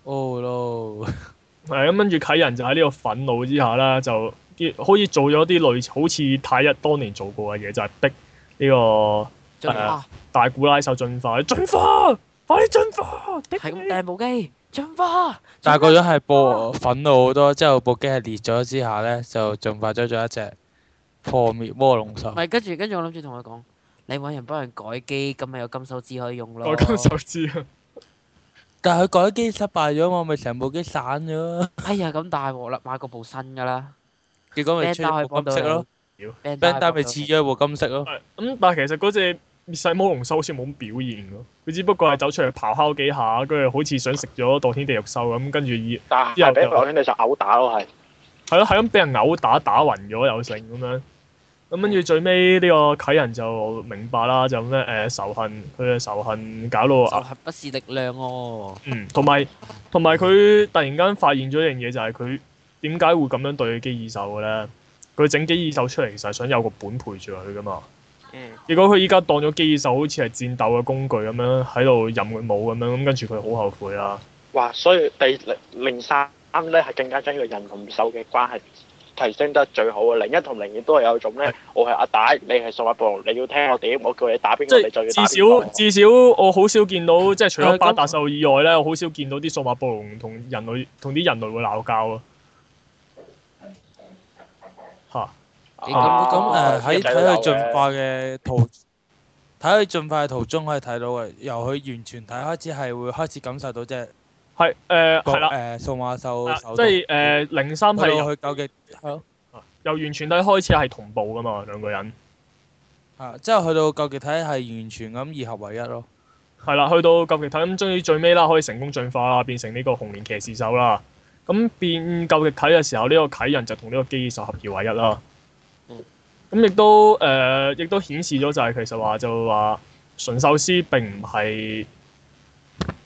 哦咯。係咁跟住，啟人就喺呢個憤怒之下啦，就啲好似做咗啲類似好似太一當年做過嘅嘢，就係、是、逼呢、這個進化、呃、大古拉獸進化。進化。快啲進化！係咁大部機進化，但係嗰種係播粉咗好多，之後部機係裂咗之下咧，就進化咗咗一隻破滅魔龍獸。唔係跟住跟住，我諗住同佢講，你揾人幫人改機，咁咪有金手指可以用咯。金手指啊！但係佢改機失敗咗嘛，咪成部機散咗。哎呀，咁大鑊啦，買過部新噶啦。結果咪出咗部金色咯，但係咪黐咗部金色咯。咁但係其實嗰隻。滅世魔龍獸好似冇咁表現咯，佢只不過係走出嚟咆哮幾下，跟住好似想食咗墮天地獄獸咁，跟住以人俾墮天地獸毆打咯，係係咯，係咁俾人毆打，打暈咗又成咁樣，咁跟住最尾呢個啟人就明白啦，就咩誒、呃、仇恨，佢嘅仇恨搞到恨不是力量哦，同埋同埋佢突然間發現咗一樣嘢，就係佢點解會咁樣對佢機爾獸嘅咧？佢整機爾獸出嚟其實係想有個本陪住佢噶嘛。如果佢依家當咗機獸，好似係戰鬥嘅工具咁樣喺度任佢舞咁樣，咁跟住佢好後悔啦。哇！所以第零零三啱咧係更加將呢個人同獸嘅關係提升得最好啊。零一同零二都係有一種咧，是我係阿大，你係數碼暴龍，你要聽我哋，我叫你打邊個，你就要即係至少至少我好少見到，即係除咗巴達獸以外咧，嗯嗯、我好少見到啲數碼暴龍同人類同啲人類會鬧交啊。咁誒，喺睇佢進化嘅途，睇佢進化嘅途中可以睇到嘅，由佢完全體開始係會開始感受到啫。係係，誒係啦，誒數碼獸即係誒零三係去佢究極係咯，由完全體開始係同步噶嘛兩個人啊，即係去到究極體係完全咁二合為一咯，係啦，去到究極體咁終於最尾啦，可以成功進化啊，變成呢個紅蓮騎士獸啦。咁變究極體嘅時候，呢個啟人就同呢個機器獸合二為一啦。咁亦、嗯、都誒，亦、呃、都顯示咗就係其實話就話馴獸師並唔係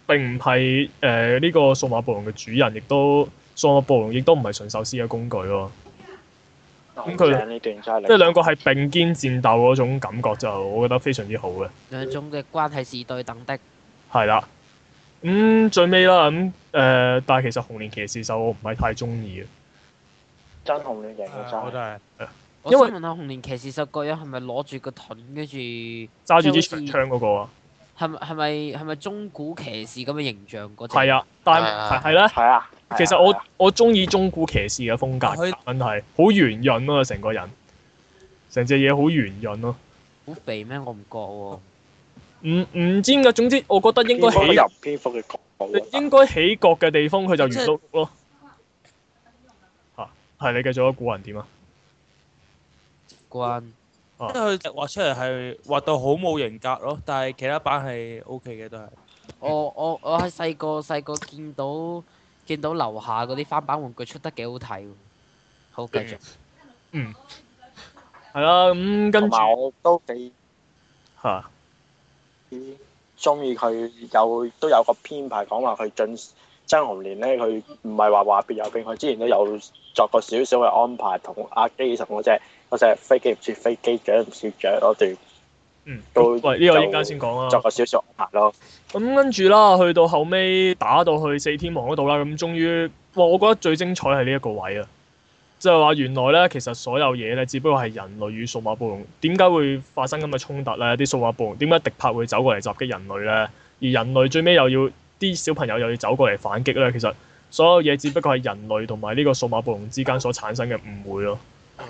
並唔係誒呢個數碼暴龍嘅主人，亦都數碼暴龍亦都唔係馴獸師嘅工具喎、啊。咁佢即係兩個係並肩戰鬥嗰種感覺，就我覺得非常之好嘅。兩種嘅關係是對等的。係啦、嗯。咁、嗯、最尾啦，咁、嗯、誒、呃，但係其實紅蓮騎士就唔係太中意真紅蓮騎士真。我覺得係。因為我想問下紅蓮騎士十個人係咪攞住個盾，跟住揸住支長槍嗰個啊？係咪係咪係咪中古騎士咁嘅形象嗰？係、那個、啊，但係係係啊。啊其實我我中意中古騎士嘅風格。問題、啊、好圓潤咯，成個人，成隻嘢好圓潤咯。好肥咩？我唔覺喎、啊。唔唔、嗯、知點嘅，總之我覺得應該起入蝙蝠嘅角，應該起角嘅地方佢就圓碌碌咯。吓、嗯，係你繼續啊，古人點啊？嗯嗯嗯關，即係佢畫出嚟係畫到好冇型格咯。但係其他版係 O K 嘅都係、哦。我我我喺細個細個見到見到樓下嗰啲翻版玩具出得幾好睇。好繼，繼續。嗯，係咯。咁近排我都幾吓，中意佢有都有個編排說說，講話佢進真紅蓮咧，佢唔係話話變有變，佢之前都有作過少少嘅安排，同阿基神嗰隻。我成飛機唔知飛機長唔少長，我哋嗯都喂呢就、這個依家先講啊，作個小小安排咯。咁跟住啦，去到後尾打到去四天王嗰度啦，咁終於哇，我覺得最精彩係呢一個位啊！即係話原來咧，其實所有嘢咧，只不過係人類與數碼暴龍點解會發生咁嘅衝突咧？啲數碼暴龍點解迪柏會走過嚟襲擊人類咧？而人類最尾又要啲小朋友又要走過嚟反擊咧？其實所有嘢只不過係人類同埋呢個數碼暴龍之間所產生嘅誤會咯。嗯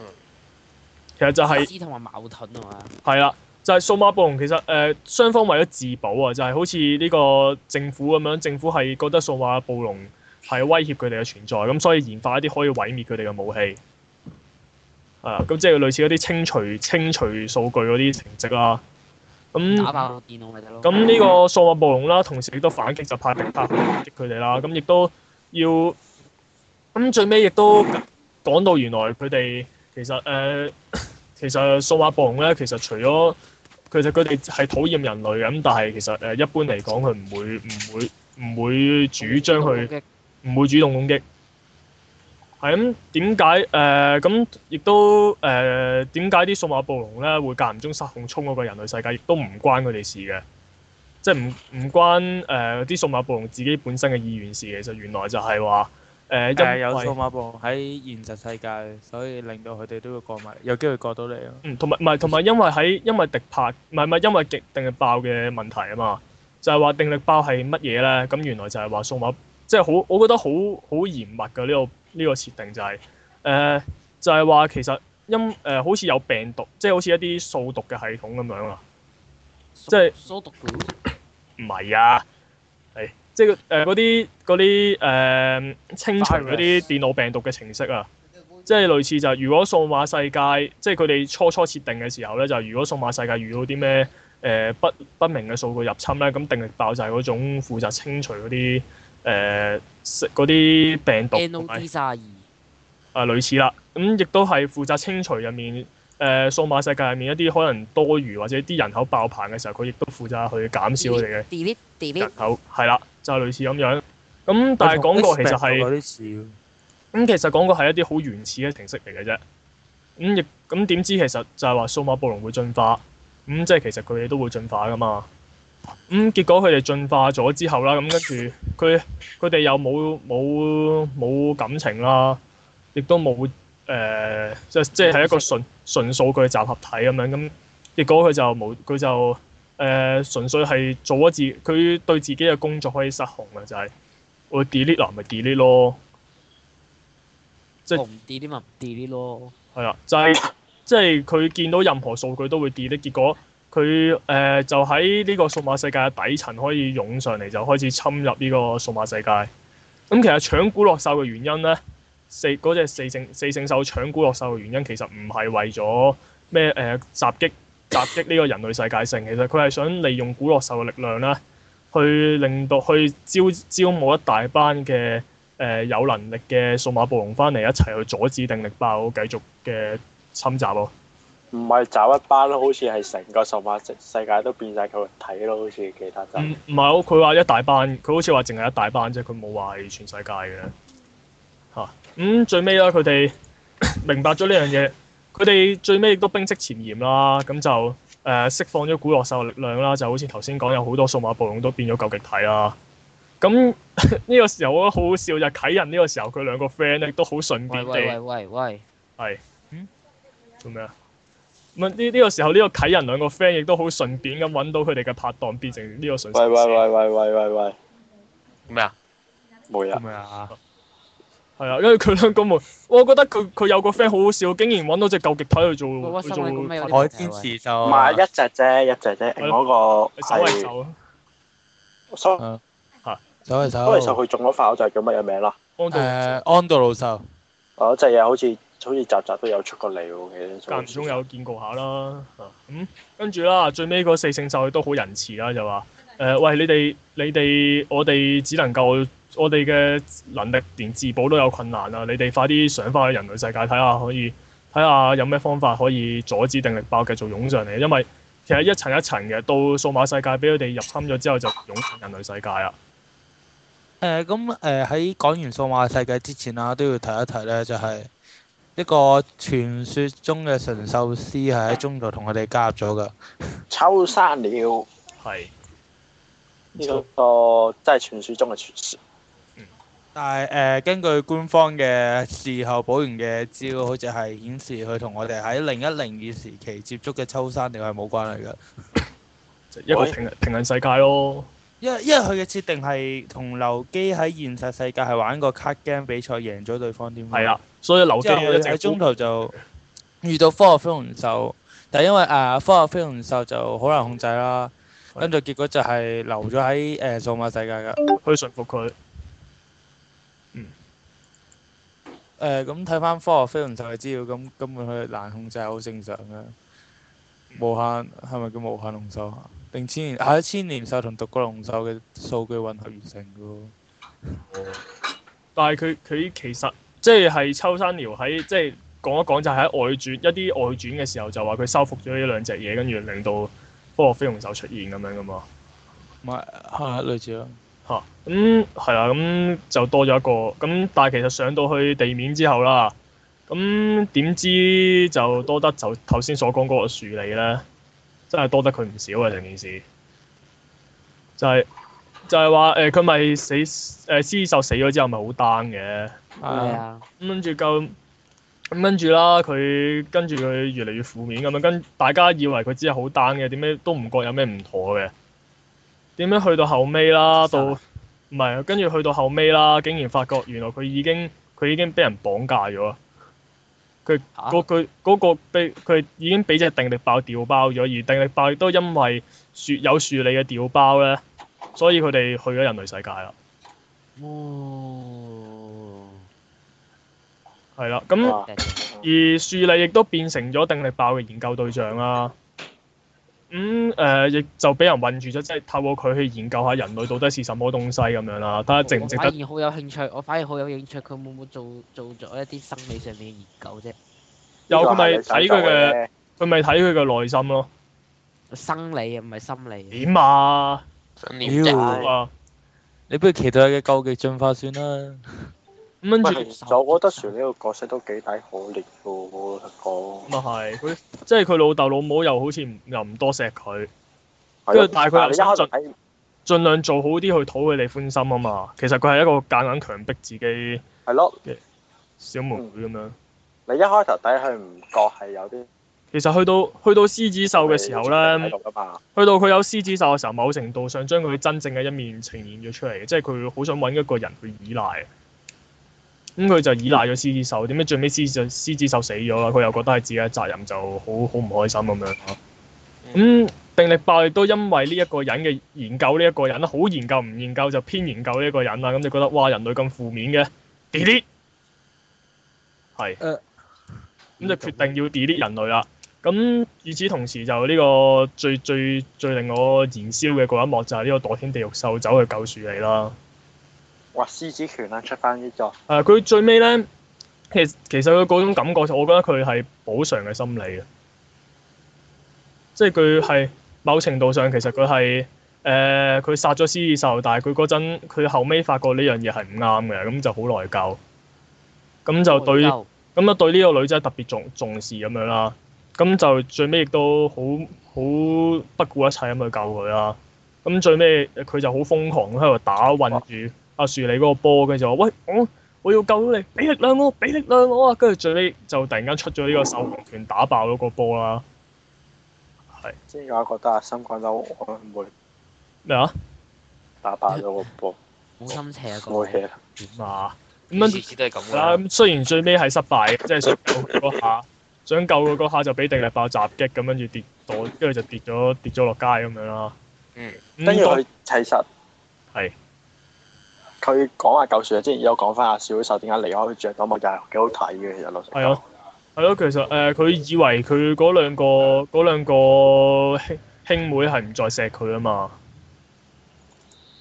其實就係矛盾啊嘛，係啦，就係數碼暴龍其實誒雙方為咗自保啊，就係好似呢個政府咁樣，政府係覺得數碼暴龍係威脅佢哋嘅存在，咁所以研發一啲可以毀滅佢哋嘅武器，啊，咁即係類似嗰啲清除清除數據嗰啲程式啦，咁打爆電腦咪得咯。咁呢個數碼暴龍啦，同時亦都反擊就派定打反擊佢哋啦，咁亦都要咁最尾亦都講到原來佢哋。其實誒、呃，其實數碼暴龍咧，其實除咗其實佢哋係討厭人類咁，但係其實誒一般嚟講，佢唔會唔會唔會主張去唔會主動攻擊。係咁點解誒？咁亦、呃、都誒點解啲數碼暴龍咧會間唔中失控衝嗰個人類世界？亦都唔關佢哋事嘅，即係唔唔關誒啲、呃、數碼暴龍自己本身嘅意願事。其實原來就係話。誒，就係、呃呃、有數碼暴喺現實世界，所以令到佢哋都會過埋，有機會過到嚟咯。嗯，同埋唔係，同埋因為喺因為迪拍，唔係唔係，因為極定力爆嘅問題啊嘛，就係、是、話定力爆係乜嘢咧？咁原來就係話數碼，即係好，我覺得好好嚴密嘅呢、這個呢、這個設定就係、是、誒、呃，就係、是、話其實因誒、呃、好似有病毒，即、就、係、是、好似一啲掃毒嘅系統咁樣啊，即係掃毒嘅，唔係啊，誒。即係個嗰啲啲誒清除嗰啲電腦病毒嘅程式啊，即係類似，就係如果數碼世界，即係佢哋初初設定嘅時候咧，就如果數碼世界遇到啲咩誒不不明嘅數據入侵咧，咁定力爆就係嗰種負責清除嗰啲誒啲病毒。NOD32 啊，o D S A R、類似啦，咁、嗯、亦都係負責清除入面。誒、呃、數碼世界入面一啲可能多餘或者啲人口爆棚嘅時候，佢亦都負責去減少佢哋嘅人口，係啦， 就係、是、類似咁樣。咁、嗯、但係講過其實係，咁、嗯、其實講過係一啲好原始嘅程式嚟嘅啫。咁亦咁點知其實就係話數碼暴龍會進化，咁、嗯、即係其實佢哋都會進化㗎嘛。咁、嗯、結果佢哋進化咗之後啦，咁、嗯、跟住佢佢哋又冇冇冇感情啦，亦都冇。誒、呃、即即係一個純純數據集合體咁樣，咁結果佢就冇佢就誒、呃、純粹係做咗自己，佢對自己嘅工作可以失控啦，就係、是、即會 delete 啊，咪 delete 咯，即係 delete 咪 delete 咯，係啊，就係即係佢見到任何數據都會 delete，結果佢誒、呃、就喺呢個數碼世界嘅底層可以湧上嚟，就開始侵入呢個數碼世界。咁、嗯、其實搶古樂獸嘅原因咧？四嗰隻、那個、四聖四聖獸搶古樂獸嘅原因，其實唔係為咗咩誒襲擊襲擊呢個人類世界性，其實佢係想利用古樂獸嘅力量啦，去令到去招招募一大班嘅誒、呃、有能力嘅數碼暴龍翻嚟一齊去阻止定力爆繼續嘅侵襲咯、哦。唔係找一班咯，好似係成個數碼世界都變晒，佢睇咯，好似其他就唔係佢話一大班，佢好似話淨係一大班啫，佢冇話係全世界嘅。嚇咁、嗯、最尾啦，佢哋 明白咗呢樣嘢，佢哋最尾亦都冰釋前嫌啦，咁就誒、呃、釋放咗古樂獸力量啦，就好似頭先講有好多數碼暴龍都變咗究極體啦。咁呢 個時候我覺得好好笑就係、是、啟人呢個時候佢兩個 friend 咧都好順便喂喂喂喂係是嗯做咩啊？唔呢呢個時候呢個啟人兩個 friend 亦都好順便咁揾到佢哋嘅拍檔變成呢個順喂喂喂喂喂喂咩啊？冇呀咩啊？係啊，因為佢兩公妹，我覺得佢佢有個 friend 好好笑，竟然揾到隻究極體去做海天池就、啊，唔係一隻啫，一隻啫，嗰、哎、個守，守，手，手，手，手，手，手。佢中咗法，我就係叫乜嘢名啦？誒安度魯獸，我、啊啊就是、一隻又好似好似集集都有出過嚟喎，其實間中有見過下啦。嗯，嗯，跟住啦，最尾嗰四聖獸佢都好仁慈啦，就話誒，喂、呃、你哋你哋我哋只能夠。我哋嘅能力連自保都有困難啊！你哋快啲上翻去人類世界睇下，看看可以睇下有咩方法可以阻止定力爆繼續湧上嚟。因為其實一層一層嘅，到數碼世界俾佢哋入侵咗之後，就湧入人類世界啦。誒、嗯，咁誒喺講完數碼世界之前啊，都要提一提呢，就係一個傳説中嘅神獸獅係喺中度同我哋加入咗嘅秋山鳥，係呢是抽、這個哦，即、uh, 係傳説中嘅傳説。但係誒、呃，根據官方嘅事後補完嘅資料，好似係顯示佢同我哋喺零一零二時期接觸嘅秋山，定係冇關係嘅，一個平行喂平行世界咯。因為因為佢嘅設定係同劉基喺現實世界係玩個卡 game 比賽，贏咗對方。點解？係啊，所以劉基喺中途就遇到科學飛龍獸，但因為啊、呃、科學飛龍獸就好難控制啦，跟住的結果就係留咗喺誒數碼世界嘅，去馴服佢。誒咁睇翻《嗯、科學飛龍獸》嘅資料，咁根本佢難控制，好正常嘅。無限係咪叫無限龍獸？定千年係、啊、千年獸同獨角龍獸嘅數據混合而成嘅、哦、但係佢佢其實即係係秋山遼喺即係講一講，就係喺外傳一啲外傳嘅時候，就話佢收服咗呢兩隻嘢，跟住令到科學飛龍獸出現咁樣噶嘛？唔係、嗯、係啊， 類似。知咁係啦，咁、啊嗯啊嗯、就多咗一個，咁、嗯、但係其實上到去地面之後啦，咁、嗯、點知就多得就頭先所講嗰個樹理咧，真係多得佢唔少啊！成件事就係、是、就係話誒，佢、呃、咪死誒，獅、呃、鷲死咗之後咪好 down 嘅，咁 Yeah.、嗯、跟住夠咁跟住啦，佢跟住佢越嚟越負面咁樣，跟大家以為佢只係好 down 嘅，點解都唔覺有咩唔妥嘅？點樣去到後尾啦？到唔係，跟住去到後尾啦，竟然發覺原來佢已經佢已經俾人綁架咗。佢嗰佢嗰個俾佢已經俾隻定力爆調包咗，而定力爆亦都因為樹有樹理嘅調包呢，所以佢哋去咗人類世界啦。哦，係啦，咁而樹理亦都變成咗定力爆嘅研究對象啦。嗯，誒、呃，亦就俾人困住咗，即、就、係、是、透過佢去研究下人類到底係什麼東西咁樣啦。睇下值唔值得？我反而好有興趣，我反而好有興趣，佢會唔會做做咗一啲生理上面嘅研究啫？又佢咪睇佢嘅，佢咪睇佢嘅內心咯。生理唔係心理。點啊？就是、你不如期待佢嘅究極進化算啦。 咁跟住就我覺得船呢個角色都幾抵可憐噶，我覺得。咪係佢，即係佢老豆老母又好似又唔多錫佢，跟住但係佢又先盡盡量做好啲去討佢哋歡心啊嘛。其實佢係一個夾硬強迫自己係咯，小妹妹咁樣。你一開頭睇佢唔覺係有啲，其實去到去到獅子獸嘅時候咧，去到佢有獅子獸嘅時候，某程度上將佢真正嘅一面呈現咗出嚟，即係佢好想搵一個人去依賴。咁佢就依賴咗獅子獸，點解最尾獅子子獸死咗啦？佢又覺得係自己嘅責任就，就好好唔開心咁樣。咁、嗯、定力爆亦都因為呢一個人嘅研究，呢一個人好研究唔研究就偏研究呢一個人啦。咁就覺得嘩，人類咁負面嘅 delete，係。咁就決定要 delete 人類啦。咁與此同時就呢個最最最令我燃燒嘅嗰一幕就係呢個墮天地獄獸走去救樹你啦。話獅子拳啦、啊，出翻呢座。誒、啊，佢最尾咧，其實其實佢嗰種感覺，我覺得佢係補償嘅心理啊。即係佢係某程度上，其實佢係誒佢殺咗獅子獸，但係佢嗰陣佢後尾發覺呢樣嘢係唔啱嘅，咁就好內疚。咁就對，咁啊憂對呢個女仔特別重重視咁樣啦。咁就最尾亦都好好不顧一切咁去救佢啦。咁最尾佢就好瘋狂咁喺度打韞住。阿樹你嗰個波，跟住就話喂我、哦、我要救你，俾力量我、啊，俾力量我啊！跟住最尾就突然間出咗呢個手拳打爆咗個波啦。係，即係我覺得阿森奎拉會咩啊？打爆咗個波，好心情啊！冇嘢啊，點啊？點樣次次都係咁啊？咁雖然最尾係失敗即係想救嗰下，嗯、想救嗰下就俾地力爆襲擊，咁跟住跌倒，跟住就跌咗跌咗落街咁樣啦。跟住佢其實係。佢講下舊事啊，即係有講翻阿小妖獸點解離開佢着咁咪又係幾好睇嘅。其實老實講，係咯，係咯，其實誒，佢、呃、以為佢嗰兩個嗰兩個兄的兄妹係唔再錫佢啊嘛，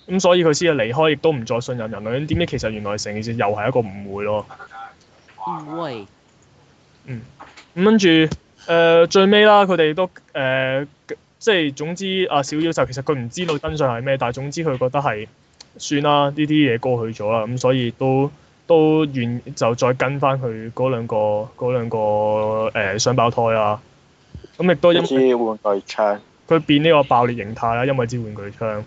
咁所以佢先至離開，亦都唔再信任人類。咁點解其實原來成件事又係一個誤會咯？誤會喂。嗯。咁跟住誒，最尾啦，佢哋都誒、呃，即係總之，阿小妖獸其實佢唔知道真相係咩，但係總之佢覺得係。算啦，呢啲嘢過去咗啦，咁、嗯、所以都都願就再跟翻佢嗰兩個嗰兩個雙胞、呃、胎啊。咁、嗯、亦都一支玩具槍，佢變呢個爆裂形態啦，因為一支玩具槍。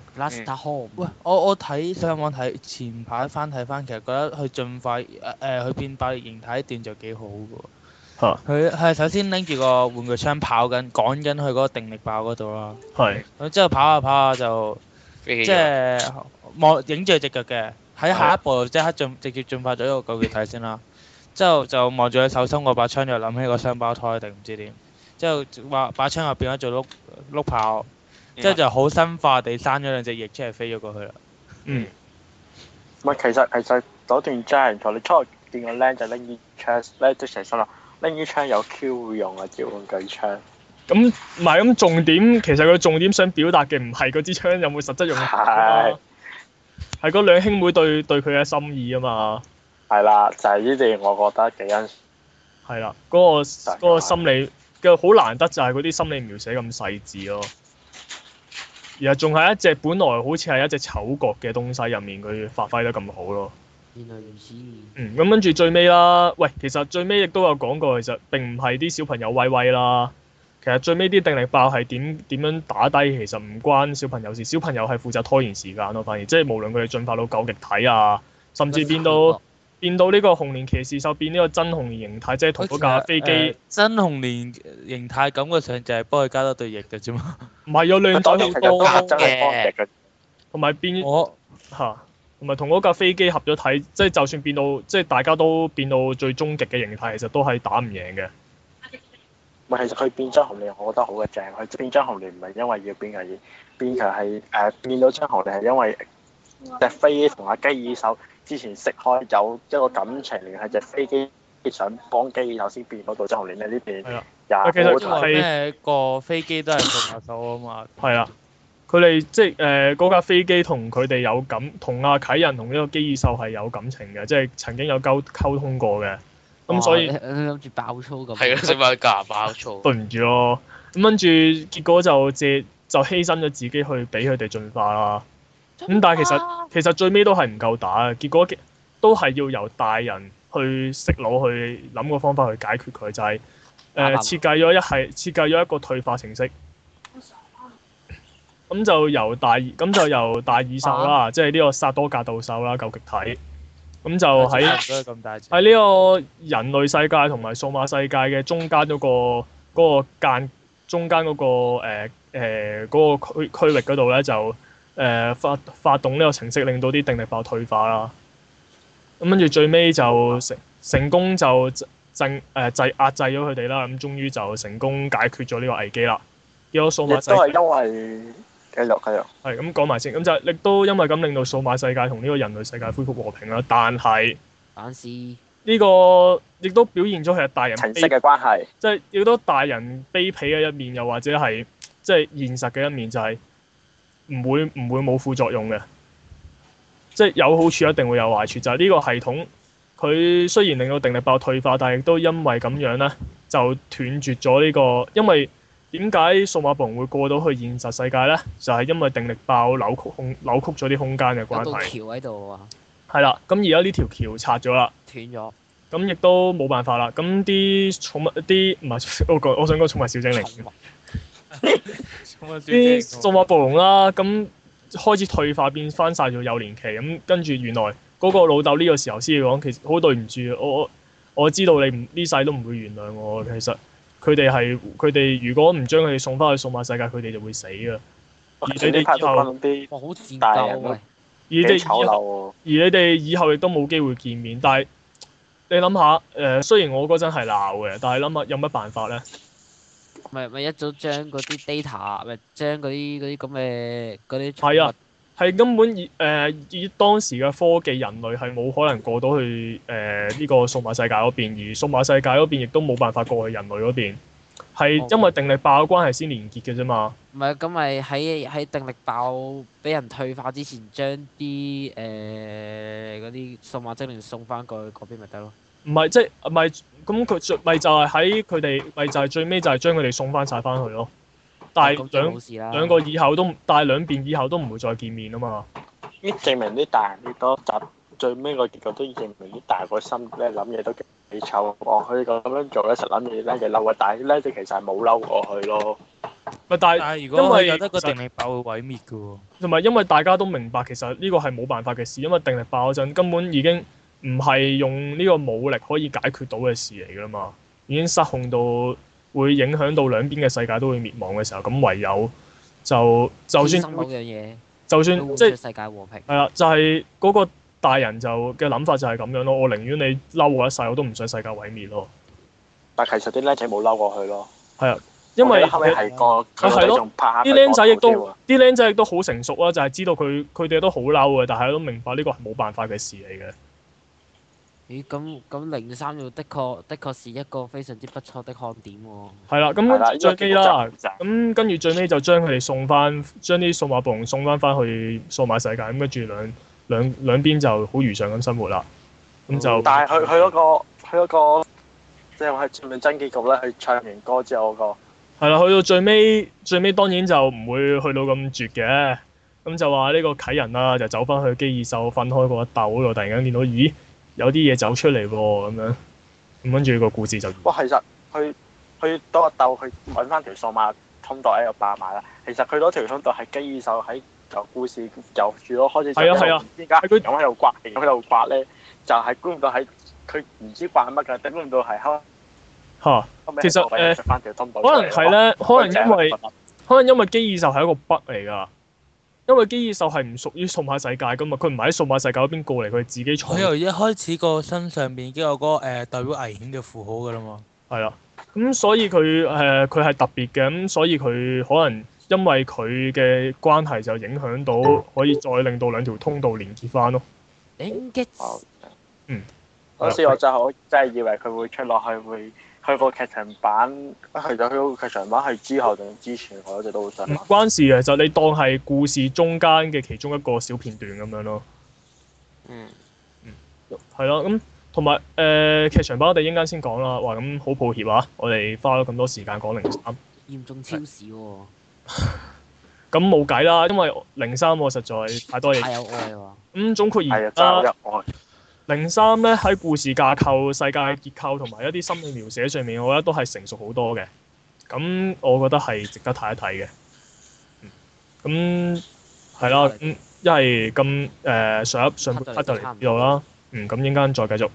嗯、喂，我我睇上網睇前排翻睇翻，其實覺得佢盡快誒佢、呃、變爆裂形態一段就幾好嘅喎。佢係哈首先拎住個玩具槍跑緊，趕緊去嗰個定力爆嗰度啦。係是。佢之後跑下跑下就，即係、啊。望影住係隻腳嘅，喺下一步即刻進直接進化咗一個球體睇先啦。之後就望住佢手心嗰把槍，又諗起個雙胞胎定唔知點。之後話把，把槍入邊一做碌碌炮，之後就好生化地生咗兩隻翼，即係飛咗過去啦。嗯。唔係、嗯，其實其實嗰段真係唔錯。你出去，見個靚仔拎支槍，拎得成身啦，拎支槍有 Q 會用啊，調換舉槍。咁唔係咁重點，其實佢重點想表達嘅唔係嗰支槍有冇實質用、啊。係。係嗰兩兄妹對對佢嘅心意啊嘛，係啦，就係呢啲，我覺得幾欣，係啦，嗰個嗰個心理，跟住好難得就係嗰啲心理描寫咁細緻咯，然後仲係一隻本來好似係一隻醜角嘅東西入面揮，佢發揮得咁好咯。原來如此。嗯，咁跟住最尾啦，喂，其實最尾亦都有講過，其實並唔係啲小朋友威威啦。其實最尾啲定力爆係點點樣打低，其實唔關小朋友事，小朋友係負責拖延時間咯，反而即係無論佢哋進化到究極體啊，甚至變到變到呢個紅蓮騎士獸變呢個真紅蓮形態，即係同嗰架飛機、呃、真紅蓮形態感覺上就係幫佢加對、啊、多對翼嘅啫嘛。唔係有靚仔好多嘅，變我同埋變吓，同埋同架飛機合咗體，即係就算變到即係大家都變到最終極嘅形態，其實都係打唔贏嘅。其實佢變張紅蓮，我覺得好嘅正。佢變張紅蓮唔係因為要變，係變其實係誒變到張紅蓮係因為隻飛同阿基爾獸之前識開有一個感情聯繫。隻飛機想幫基爾獸先變嗰度張紅蓮咧，呢邊廿九集。佢嘅個飛機都係副把手啊嘛。係啦、啊，佢哋即係誒嗰架飛機同佢哋有感，同阿啟人同呢個基爾獸係有感情嘅，即係曾經有溝溝通過嘅。咁、嗯、所以諗住、哦、爆粗咁，係啊、 哦，想把家爆粗對唔住咯。咁跟住結果就借就犧牲咗自己去俾佢哋進化啦。咁化、嗯、但係其實其實最尾都係唔夠打嘅，結果都係要由大人去食腦去諗個方法去解決佢，就係誒設計咗一係設計咗一個退化程式。咁、啊嗯、就由大咁、嗯、就由大二獸啦，即係呢個薩多格導獸啦，究極體，咁就喺喺呢個人類世界同埋數碼世界嘅中間嗰個嗰間中間嗰、嗰個誒誒嗰個區區域嗰度咧就誒、呃、發發動呢個程式，令到啲定力爆退化啦。咁跟住最尾就成成功就、呃、制制壓制咗佢哋啦。咁終於就成功解決咗呢個危機啦。結果數碼世界因為因為繼續繼續，係咁講埋先，咁就亦都因為咁令到數碼世界同呢個人類世界恢復和平啦，但係反思呢個亦都表現咗其實大人卑鄙嘅關係，即係亦都大人卑鄙嘅、就是、一面，又或者係即係現實嘅一面就，就係唔會唔會冇副作用嘅，即、就、係、是、有好處一定會有壞處，就係、是、呢個系統佢雖然令到定力爆退化，但係亦都因為咁樣呢，就斷絕咗呢、這個，因為。點解數碼暴龍會過到去現實世界呢？就係、是、因為定力爆扭曲空扭曲咗啲空間嘅關係。有道橋喺度啊！係啦，咁而家呢條橋拆咗啦，斷咗了。咁亦都冇辦法啦。咁啲寵物啲唔係我我想講寵物小精靈。啲數碼暴龍啦，咁 開始退化變翻晒做幼年期。咁跟住原來嗰個老豆呢個時候先要講，其實好對唔住，我我，我知道你唔呢世都唔會原諒我，其實。嗯佢哋係佢哋，如果唔將佢哋送翻去數碼世界，佢哋就會死噶。而你哋以後，我好自覺。而你哋以後，而你哋以後亦都冇機會見面。但係你諗下，誒、呃、雖然我嗰陣係鬧嘅，但係諗下有乜辦法咧？咪咪一早將嗰啲 data，咪將嗰啲啲咁嘅嗰啲係啊。係根本以誒、呃、以當時嘅科技，人類係冇可能過到去誒呢、呃呢個數碼世界嗰邊，而數碼世界嗰邊亦都冇辦法過去人類嗰邊。係因為定力爆嘅關係先連結嘅啫嘛。唔係？咁咪喺喺定力爆俾人退化之前，將啲誒嗰啲數碼精靈送翻過去嗰邊咪得咯？唔係即係唔係咁佢咪就係喺佢哋咪就係、係就係就係、最尾就係將佢哋送翻晒翻去咯。但係兩兩個以後都，但係兩邊以後都唔會再見面啊嘛。啲證明啲大，啲多集最尾個結局都證明啲大個心咧諗嘢都幾臭，我佢咁樣做咧，實諗嘢咧就嬲嘅，但係咧就其實係冇嬲過佢咯。咪但係，但如果因為得個定力爆會毀滅嘅喎。同埋因為大家都明白，其實呢個係冇辦法嘅事，因為定力爆嗰陣根本已經唔係用呢個武力可以解決到嘅事嚟嘅嘛，已經失控到。會影響到兩邊嘅世界都會滅亡嘅時候，咁唯有就就算冇樣就算即係世界和平，係啦，就係嗰、就係就係、個大人就嘅諗法就係咁樣咯。我寧願你嬲我一世，我都唔想世界毀滅咯。但其實啲僆仔冇嬲過去咯。係啊，因為係個佢係咯，啲僆仔亦都啲僆仔亦都好成熟啊，就係、係、知道佢佢哋都好嬲嘅，但係都明白呢個係冇辦法嘅事嚟嘅。咁咁零三又的確的確是一個非常之不錯的看點喎，哦。係、啊、啦，咁 跟住最尾啦，咁跟住最尾就將佢哋送翻，將啲數碼暴龍送翻翻去數碼世界。咁跟住兩兩兩邊就好如常咁生活啦。咁就、嗯、但係去佢嗰個佢嗰個，即係、那個就是、我喺前面真結局咧，去唱完歌之後嗰、那個係啦。去、啊、到最尾最尾當然就唔會去到咁絕嘅。咁就話呢個啟人啊，就走翻去機二獸瞓開個竇度，突然間見到，咦？有啲嘢走出嚟喎，咁樣咁跟住個故事就……哇！其實去佢當阿竇去揾翻條數碼通道喺度霸埋啦。其實佢嗰條通道係基爾獸喺由故事由住咗開始。係啊係啊，點解佢咁喺度刮？佢喺度刮咧，就係估唔到喺佢唔知刮乜嘅，頂唔到係黑。嚇，其實誒，可能係咧，可能因為可能因為基爾獸係一個筆嚟㗎。因為機械獸係唔屬於數碼世界噶嘛，佢唔係喺數碼世界嗰邊過嚟，佢係自己出。佢由一開始個身上邊已經有、那個誒、呃、代表危險嘅符號噶啦嘛，係啦，咁、嗯、所以佢誒佢係特別嘅，咁所以佢可能因為佢嘅關係就影響到，可以再令到兩條通道連結翻咯。結嗯，我先我真係我真係以為佢會出落去會。去個劇場版，係就去嗰個劇場版，係之後定之前，我一直都好想。唔關事嘅，就是，你當係故事中間嘅其中一個小片段咁樣咯嗯。嗯，嗯，係、嗯、咯，咁同埋誒，劇、嗯、場、呃、版我哋一陣間先講啦。哇，咁好抱歉啊，我哋花咗咁多時間講零三，嚴重超時，哦。咁冇計啦，因為零三我實在太多嘢，太有愛啦！總括而，係零三咧喺故事架構、世界結構同埋一啲心理描寫上面，我覺得都係成熟好多嘅。咁我覺得係值得睇一睇嘅。咁係啦，因為咁誒上一上一集嚟到啦，嗯，咁依家再繼續。